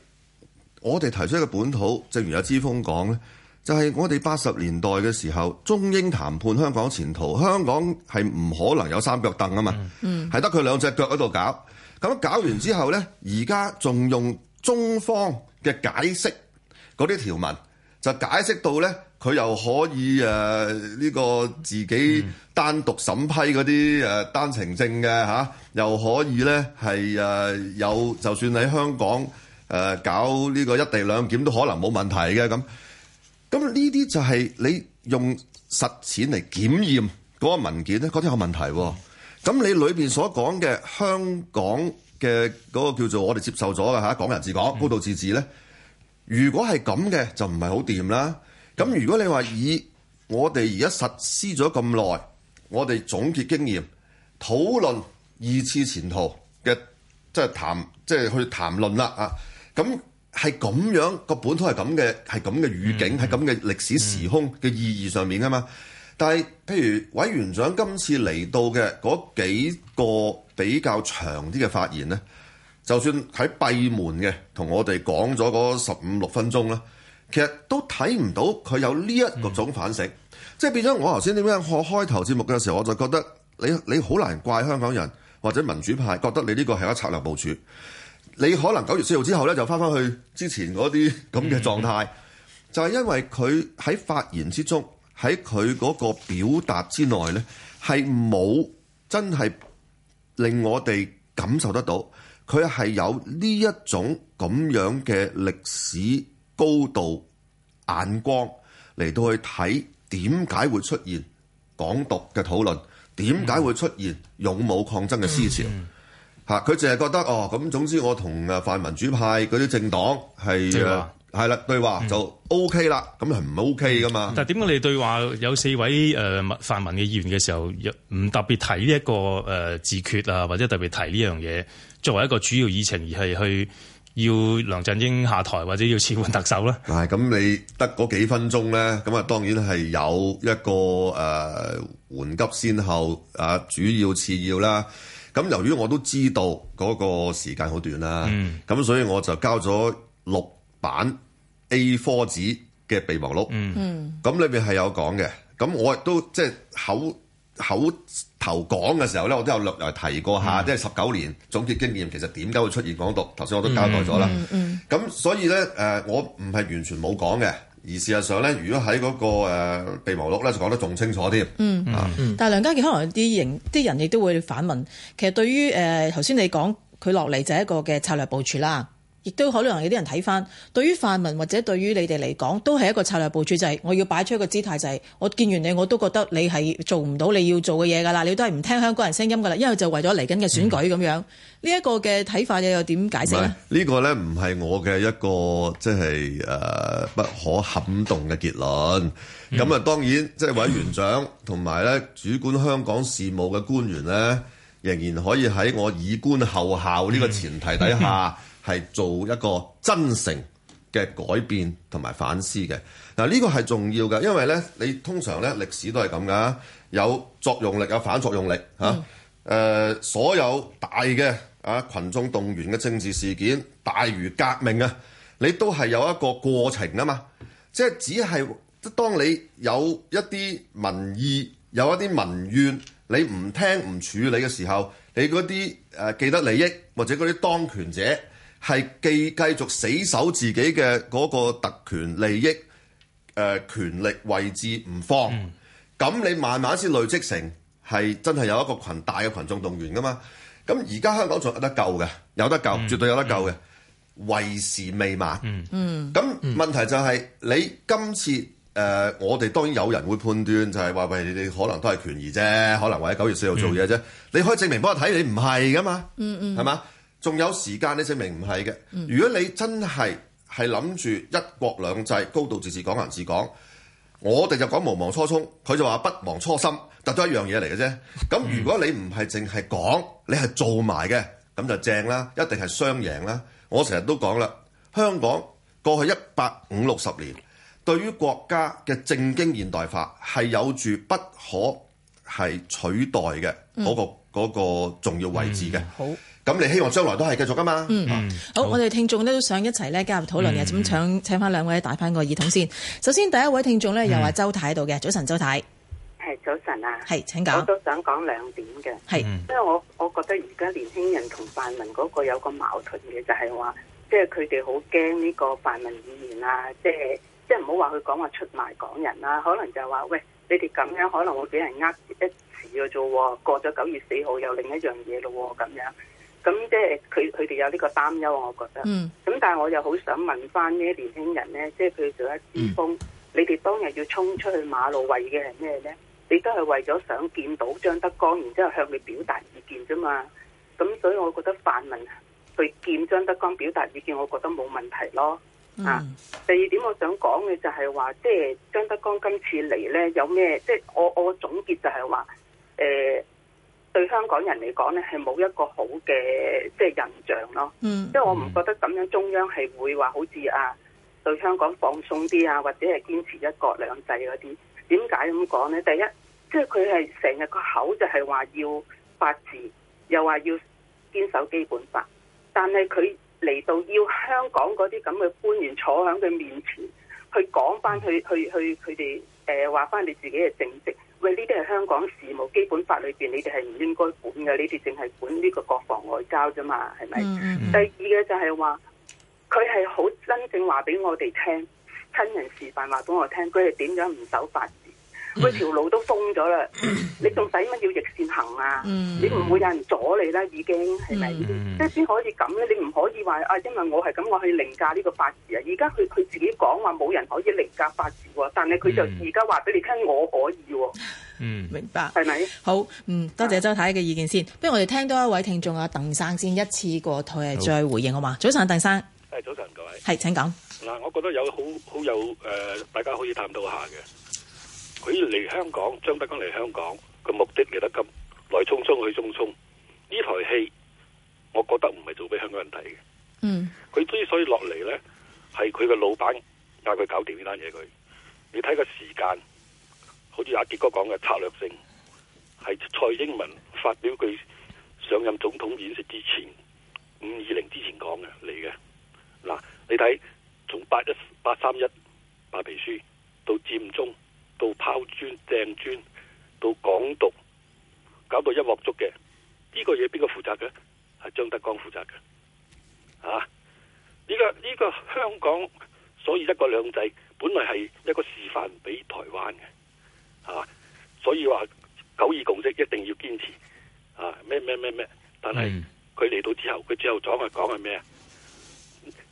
我哋提出嘅本土，正如阿之鋒講呢就係、是、我哋八十年代嘅時候，中英談判香港前途，香港係唔可能有三腳凳啊嘛，係得佢兩隻腳喺度搞，咁搞完之後呢，而家仲用中方嘅解釋嗰啲條文，就解釋到呢，佢又可以誒呢、呃這個自己單獨審批嗰啲誒單程證嘅嚇、啊，又可以呢係誒有，就算喺香港。誒，搞呢個一地兩檢都可能冇問題嘅咁，咁呢啲就係你用實踐嚟檢驗嗰個文件咧，嗰啲有問題喎。咁你裏邊所講嘅香港嘅嗰個叫做我哋接受咗嘅嚇，港人治港、高度自治咧。如果係咁嘅，就唔係好掂啦。咁如果你話以我哋而家實施咗咁耐，我哋總結經驗、討論二次前途嘅，即係談，即係去談論啦啊！咁係咁樣個本土係咁嘅係咁嘅語境，係咁嘅歷史時空嘅意義上面啊嘛。Mm hmm. 但係譬如委員長今次嚟到嘅嗰幾個比較長啲嘅發言呢，就算喺閉門嘅同我哋講咗嗰十五六分鐘咧，其實都睇唔到佢有呢一個種反省。Mm hmm. 即係變咗我頭先點樣學開開頭節目嘅時候，我就覺得你你好難怪香港人或者民主派覺得你呢個係一策略部署。你可能九月四號之後咧，就返返去之前嗰啲咁嘅狀態，mm hmm. 就係因為佢喺發言之中，喺佢嗰個表達之內呢，係冇真係令我哋感受得到，佢係有呢一種咁樣嘅歷史高度眼光嚟到去睇點解會出現港獨嘅討論，點解、mm hmm. 會出現勇武抗爭嘅思潮。Mm hmm. 嚇佢淨係覺得哦，咁總之我同誒泛民主派嗰啲政黨係，係啦話、呃、對話就 O K 啦，咁係唔 O K 噶嘛？但係點解你對話有四位誒、呃、泛民嘅議員嘅時候，唔特別提呢、這、一個誒、呃、自決啊，或者特別提呢樣嘢作為一個主要議程而係去要梁振英下台或者要撤換特首咧？係咁、嗯，你得嗰幾分鐘咧，咁啊當然係有一個誒緩、呃、急先後啊，主要次要啦。咁由於我都知道嗰個時間好短啦，咁、嗯、所以我就交咗六版 A4 紙嘅備忘錄。咁裏、嗯、面係有講嘅，咁我亦都即係口口頭講嘅時候咧，我都有略嚟提過下，嗯、即係十九年總結經驗，其實點解會出現港獨？頭先我都交代咗啦。咁、嗯、所以咧，誒，我唔係完全冇講嘅。而事實上咧，如果喺嗰、嗰個誒備忘錄咧，就講得仲清楚啲。嗯，啊、但係梁家傑，可能有啲人啲人亦都會反問，其實對於誒頭先你講佢落嚟就係一個嘅策略部署啦。亦都可能有啲人睇翻，對於泛民或者對於你哋嚟講，都係一個策略部署就係、是，我要擺出一個姿態就係、是，我見完你我都覺得你係做唔到你要做嘅嘢㗎啦，你都係唔聽香港人聲音㗎啦，因為就為咗嚟緊嘅選舉咁樣。呢、嗯這個、一個嘅睇法又有點解釋呢？呢個呢，唔係我嘅一個即係誒不可撼動嘅結論。咁啊、嗯、當然，即係委員長同埋呢主管香港事務嘅官員呢，仍然可以喺我以觀後效呢個前提底下。嗯嗯係做一個真誠嘅改變同埋反思嘅嗱，呢個係重要嘅，因為呢，你通常呢，歷史都係咁噶，有作用力有反作用力嚇。誒，嗯、所有大嘅啊，羣眾動員嘅政治事件，大如革命啊，你都係有一個過程啊嘛，即係只係當你有一啲民意有一啲民怨，你唔聽唔處理嘅時候，你嗰啲誒既得利益或者嗰啲當權者。係繼繼續死守自己嘅嗰個特權利益誒、呃、權力位置唔放，咁、嗯、你慢慢先累積成係真係有一個群大嘅群眾動員噶嘛？咁而家香港仲有得救嘅，有得救，嗯、絕對有得救嘅，為時未晚。嗯慢、嗯，咁、嗯、問題就係、是、你今次誒、呃，我哋當然有人會判斷，就係話喂，你哋可能都係權宜啫，可能為咗九月四號做嘢啫。嗯、你可以證明幫我睇，你唔係噶嘛？嗯嗯，係嘛？仲有時間呢？證明唔係嘅。如果你真係係諗住一國兩制高度自治，港行治港，我哋就講無忘初衷，佢就話不忘初心，但都係一樣嘢嚟嘅啫。咁如果你唔係淨係講，你係做埋嘅，咁就正啦，一定係雙贏啦。我成日都講啦，香港過去一百五六十年對於國家嘅正經現代化係有住不可係取代嘅嗰、嗯嗰個嗰個重要位置嘅、嗯。好。咁你希望將來都係繼續噶嘛？嗯，好，我哋聽眾咧都想一齊咧加入討論嘅，咁、嗯、想請翻兩位戴翻個耳筒先。首先第一位聽眾咧、嗯、又話周太喺度嘅，早晨周太，係早晨啊，係，請講，我都想講兩點嘅，係是，嗯、因為我我覺得而家年輕人同泛民嗰個有個矛盾嘅，就係話，即係佢哋好驚呢個泛民議員啊，即係即係唔好話佢講話出賣港人啦、啊，可能就係話，喂，你哋咁樣可能會俾人呃一次嘅啫，過咗九月四號又有另一樣嘢咯，咁樣。咁即係佢佢哋有呢個擔憂，我覺得。咁、mm. 但係我又好想問翻呢啲年輕人咧，即係佢做一支風，mm. 你哋當日要衝出去馬路為嘅係咩咧？你都係為咗想見到張德江，然之後向你表達意見啫嘛。咁所以，我覺得泛民去見張德江表達意見，我覺得冇問題咯。Mm. 啊，第二點我想講嘅就係話，即係張德江今次嚟咧，有咩？即係我我總結就係話，誒、呃。對香港人嚟講咧，係冇一個好嘅即係印象咯。即係 <noise> 我唔覺得咁樣中央係會話好似啊對香港放鬆啲啊，或者係堅持一國兩制嗰啲。點解咁講咧？第一，即係佢係成日個口就係話要法治，又話要堅守基本法，但係佢嚟到要香港嗰啲咁嘅官員坐喺佢面前，去講翻去去去佢哋誒話翻你自己嘅政績。呢啲係香港事務，基本法裏邊你哋係唔應該管嘅，你哋淨係管呢個國防外交啫嘛，係咪？Mm hmm. 第二個就係話，佢係好真正話俾我哋聽，親人示範話俾我聽，佢係點樣唔守法？佢條路都封咗啦，你仲使乜要逆線行啊？你唔會有人阻你啦，已經係咪？即係先可以咁咧？你唔可以話啊，因為我係咁，我去凌駕呢個法治啊！而家佢佢自己講話冇人可以凌駕法治喎，但係佢就而家話俾你聽我可以喎。嗯，明白係咪？好，嗯，多謝周太嘅意見先。不如我哋聽多一位聽眾阿鄧生先，一次過誒再回應好嘛？早晨，鄧生。誒，早晨各位。係，請講。嗱，我覺得有好好有誒，大家可以探討下嘅。佢嚟香港，張德江嚟香港個目的，嚟得咁來匆匆去匆匆，呢台戲我覺得唔係做俾香港人睇嘅。嗯，佢之所以落嚟呢，係佢嘅老闆嗌佢搞掂呢單嘢，佢你睇個時間，好似阿杰哥講嘅策略性，係蔡英文發表佢上任總統演說之前，五二零之前講嘅嚟嘅。嗱，你睇從八一八三一白皮書到佔中。到拋磚掟磚，到港獨，搞到一鑊粥嘅，呢、這個嘢邊個負責嘅？係張德江負責嘅，啊！呢、這個呢、這個香港，所以一國兩制本來係一個示範俾台灣嘅，啊！所以話九二共識一定要堅持，啊咩咩咩咩，但係佢嚟到之後，佢最是後講係講係咩啊？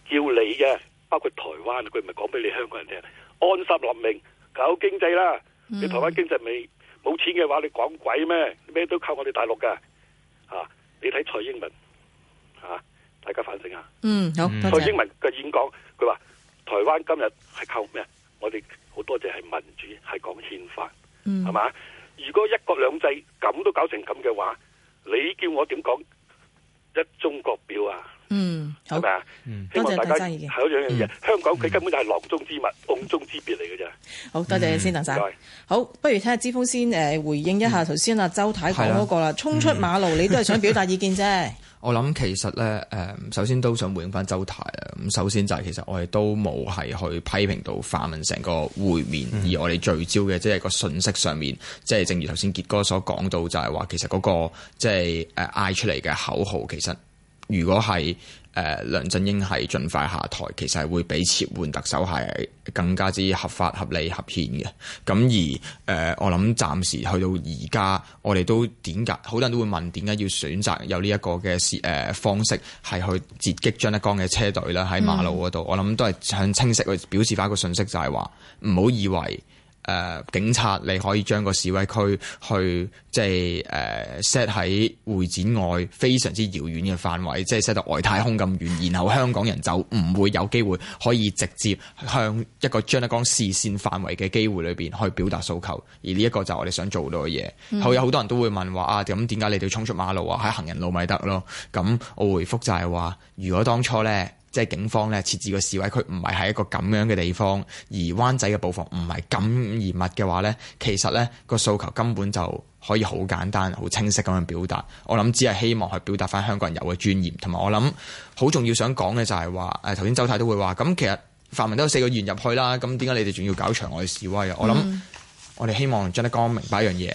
叫你嘅，包括台灣，佢唔係講俾你香港人聽，安心立命。搞經濟啦，你台灣經濟未冇錢嘅話，你講鬼咩？咩都靠我哋大陸嘅，吓、啊、你睇蔡英文吓、啊，大家反省下。嗯，好，蔡英文嘅演講，佢話台灣今日係靠咩？我哋好多謝係民主，係講憲法，係嘛、嗯？如果一國兩制咁都搞成咁嘅話，你叫我點講一中國表啊？嗯，好。多謝鄧生意見。係嗰樣嘢，香港佢根本就係囊中之物、甕中之鱉嚟嘅啫。好多謝先，鄧生好，不如聽下之鋒先誒，回應一下頭先阿周太講嗰個啦。衝出馬路，你都係想表達意見啫。我諗其實咧，誒，首先都想回應翻周太啦。咁首先就係其實我哋都冇係去批評到泛民成個會面，而我哋聚焦嘅即係個信息上面，即係正如頭先傑哥所講到，就係話其實嗰個即係誒嗌出嚟嘅口號，其實。如果係誒、呃、梁振英係盡快下台，其實係會比撤換特首係更加之合法、合理、合憲嘅。咁而誒、呃，我諗暫時去到而家，我哋都點解好多人都會問點解要選擇有、呃、一呢、嗯、一個嘅誒方式，係去截擊張德江嘅車隊咧？喺馬路嗰度，我諗都係想清晰表示翻一個訊息，就係話唔好以為。誒、呃、警察，你可以將個示威區去即係誒 set 喺會展外非常之遙遠嘅範圍，即係 set 到外太空咁遠，然後香港人就唔會有機會可以直接向一個張德江視線範圍嘅機會裏邊去表達訴求。而呢一個就係我哋想做到嘅嘢。後、嗯、有好多人都會問話啊，咁點解你哋衝出馬路啊？喺行人路咪得咯？咁我回覆就係、是、話，如果當初呢……」即係警方咧設置個示威區，唔係喺一個咁樣嘅地方，而灣仔嘅布防唔係咁嚴密嘅話呢，其實呢個訴求根本就可以好簡單、好清晰咁樣表達。我諗只係希望去表達翻香港人有嘅尊嚴，同埋我諗好重要想講嘅就係話，誒頭先周太都會話，咁其實泛民都有四個議員入去啦，咁點解你哋仲要搞場外示威啊？嗯、我諗我哋希望將得講明白一樣嘢，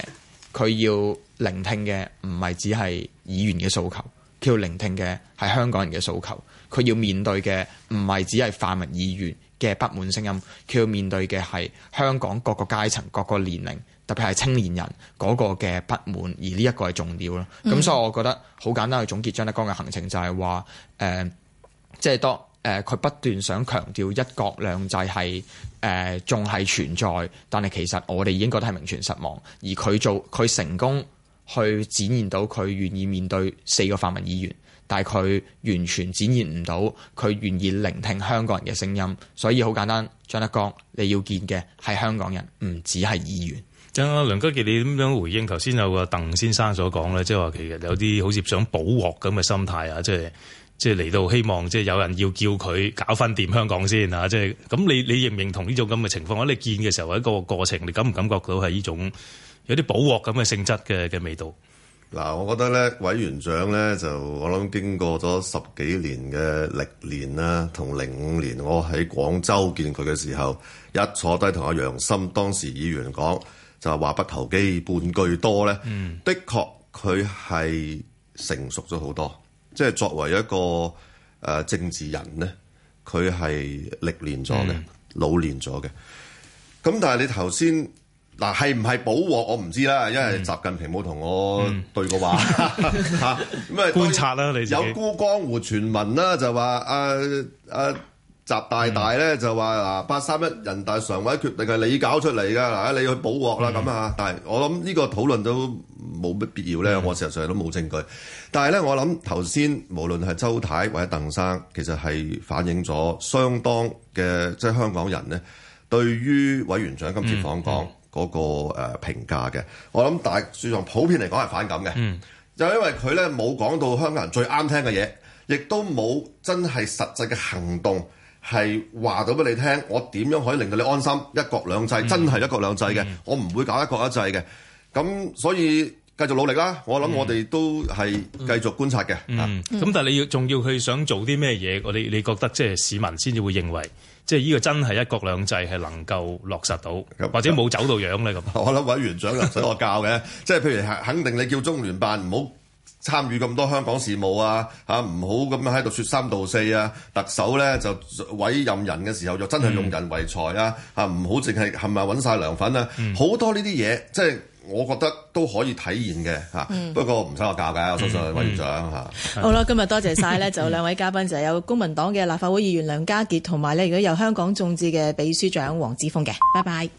佢要聆聽嘅唔係只係議員嘅訴求，佢要聆聽嘅係香港人嘅訴求。佢要面對嘅唔係只係泛民議員嘅不滿聲音，佢要面對嘅係香港各個階層、各個年齡，特別係青年人嗰、那個嘅不滿，而呢一個係重要啦。咁、嗯、所以，我覺得好簡單去總結張德江嘅行程就係話，誒、呃，即係當誒佢不斷想強調一國兩制係誒仲係存在，但係其實我哋已經覺得係名存實亡，而佢做佢成功去展現到佢願意面對四個泛民議員。但係佢完全展現唔到佢願意聆聽香港人嘅聲音，所以好簡單。張德江，你要見嘅係香港人，唔止係議員。啊，梁家傑你點樣回應頭先有個鄧先生所講咧，即係話其實有啲好似想保鑊咁嘅心態啊，即係即係嚟到希望即係有人要叫佢搞翻掂香港先啊，即係咁你你認唔認同呢種咁嘅情況？你見嘅時候係一個過程，你感唔感覺到係呢種有啲保鑊咁嘅性質嘅嘅味道？嗱、啊，我覺得咧，委員長咧就我諗經過咗十幾年嘅歷練啦。同零五年我喺廣州見佢嘅時候，一坐低同阿楊森當時議員講，就話不投機半句多咧。嗯，的確佢係成熟咗好多，即係作為一個誒、呃、政治人咧，佢係歷練咗嘅，嗯、老練咗嘅。咁但係你頭先。嗱，係唔係保鑊我唔知啦，因為習近平冇同我對過話，咁啊、嗯、 <laughs> 然觀察啦，你自己有孤江湖傳聞啦，就話阿阿習大大咧、嗯、就話嗱，八三一人大常委決定係你搞出嚟噶，嗱，你去保鑊啦咁啊！但係我諗呢個討論都冇乜必要咧，嗯、我事實上都冇證據。但係咧，我諗頭先無論係周太或者鄧生，其實係反映咗相當嘅即係香港人咧，對於委員長今次訪港。嗯嗰、那個誒、呃、評價嘅，我諗大選上普遍嚟講係反感嘅，嗯、就因為佢咧冇講到香港人最啱聽嘅嘢，亦都冇真係實際嘅行動係話到俾你聽，我點樣可以令到你安心一國兩制、嗯、真係一國兩制嘅，嗯、我唔會搞一國一制嘅，咁所以繼續努力啦。我諗我哋都係繼續觀察嘅，咁但係你要仲要去想做啲咩嘢？我哋，你覺得即係市民先至會認為？即係呢個真係一國兩制係能夠落實到，或者冇走到樣咧咁。 <laughs> 我諗委員長又唔使我教嘅， <laughs> 即係譬如肯肯定你叫中聯辦唔好參與咁多香港事務啊，嚇唔好咁喺度説三道四啊。特首咧、嗯、就委任人嘅時候就真係用人為才、嗯、啊，嚇唔好淨係係咪揾晒涼粉啊。好、嗯、多呢啲嘢即係。我覺得都可以體現嘅嚇，嗯、不過唔使我教㗎，我相信委員長嚇。嗯嗯啊、好啦，今日多謝晒咧，就兩位嘉賓 <laughs> 就有公民黨嘅立法會議員梁家傑，同埋咧如果由香港眾志嘅秘書長黃之鋒嘅，拜拜。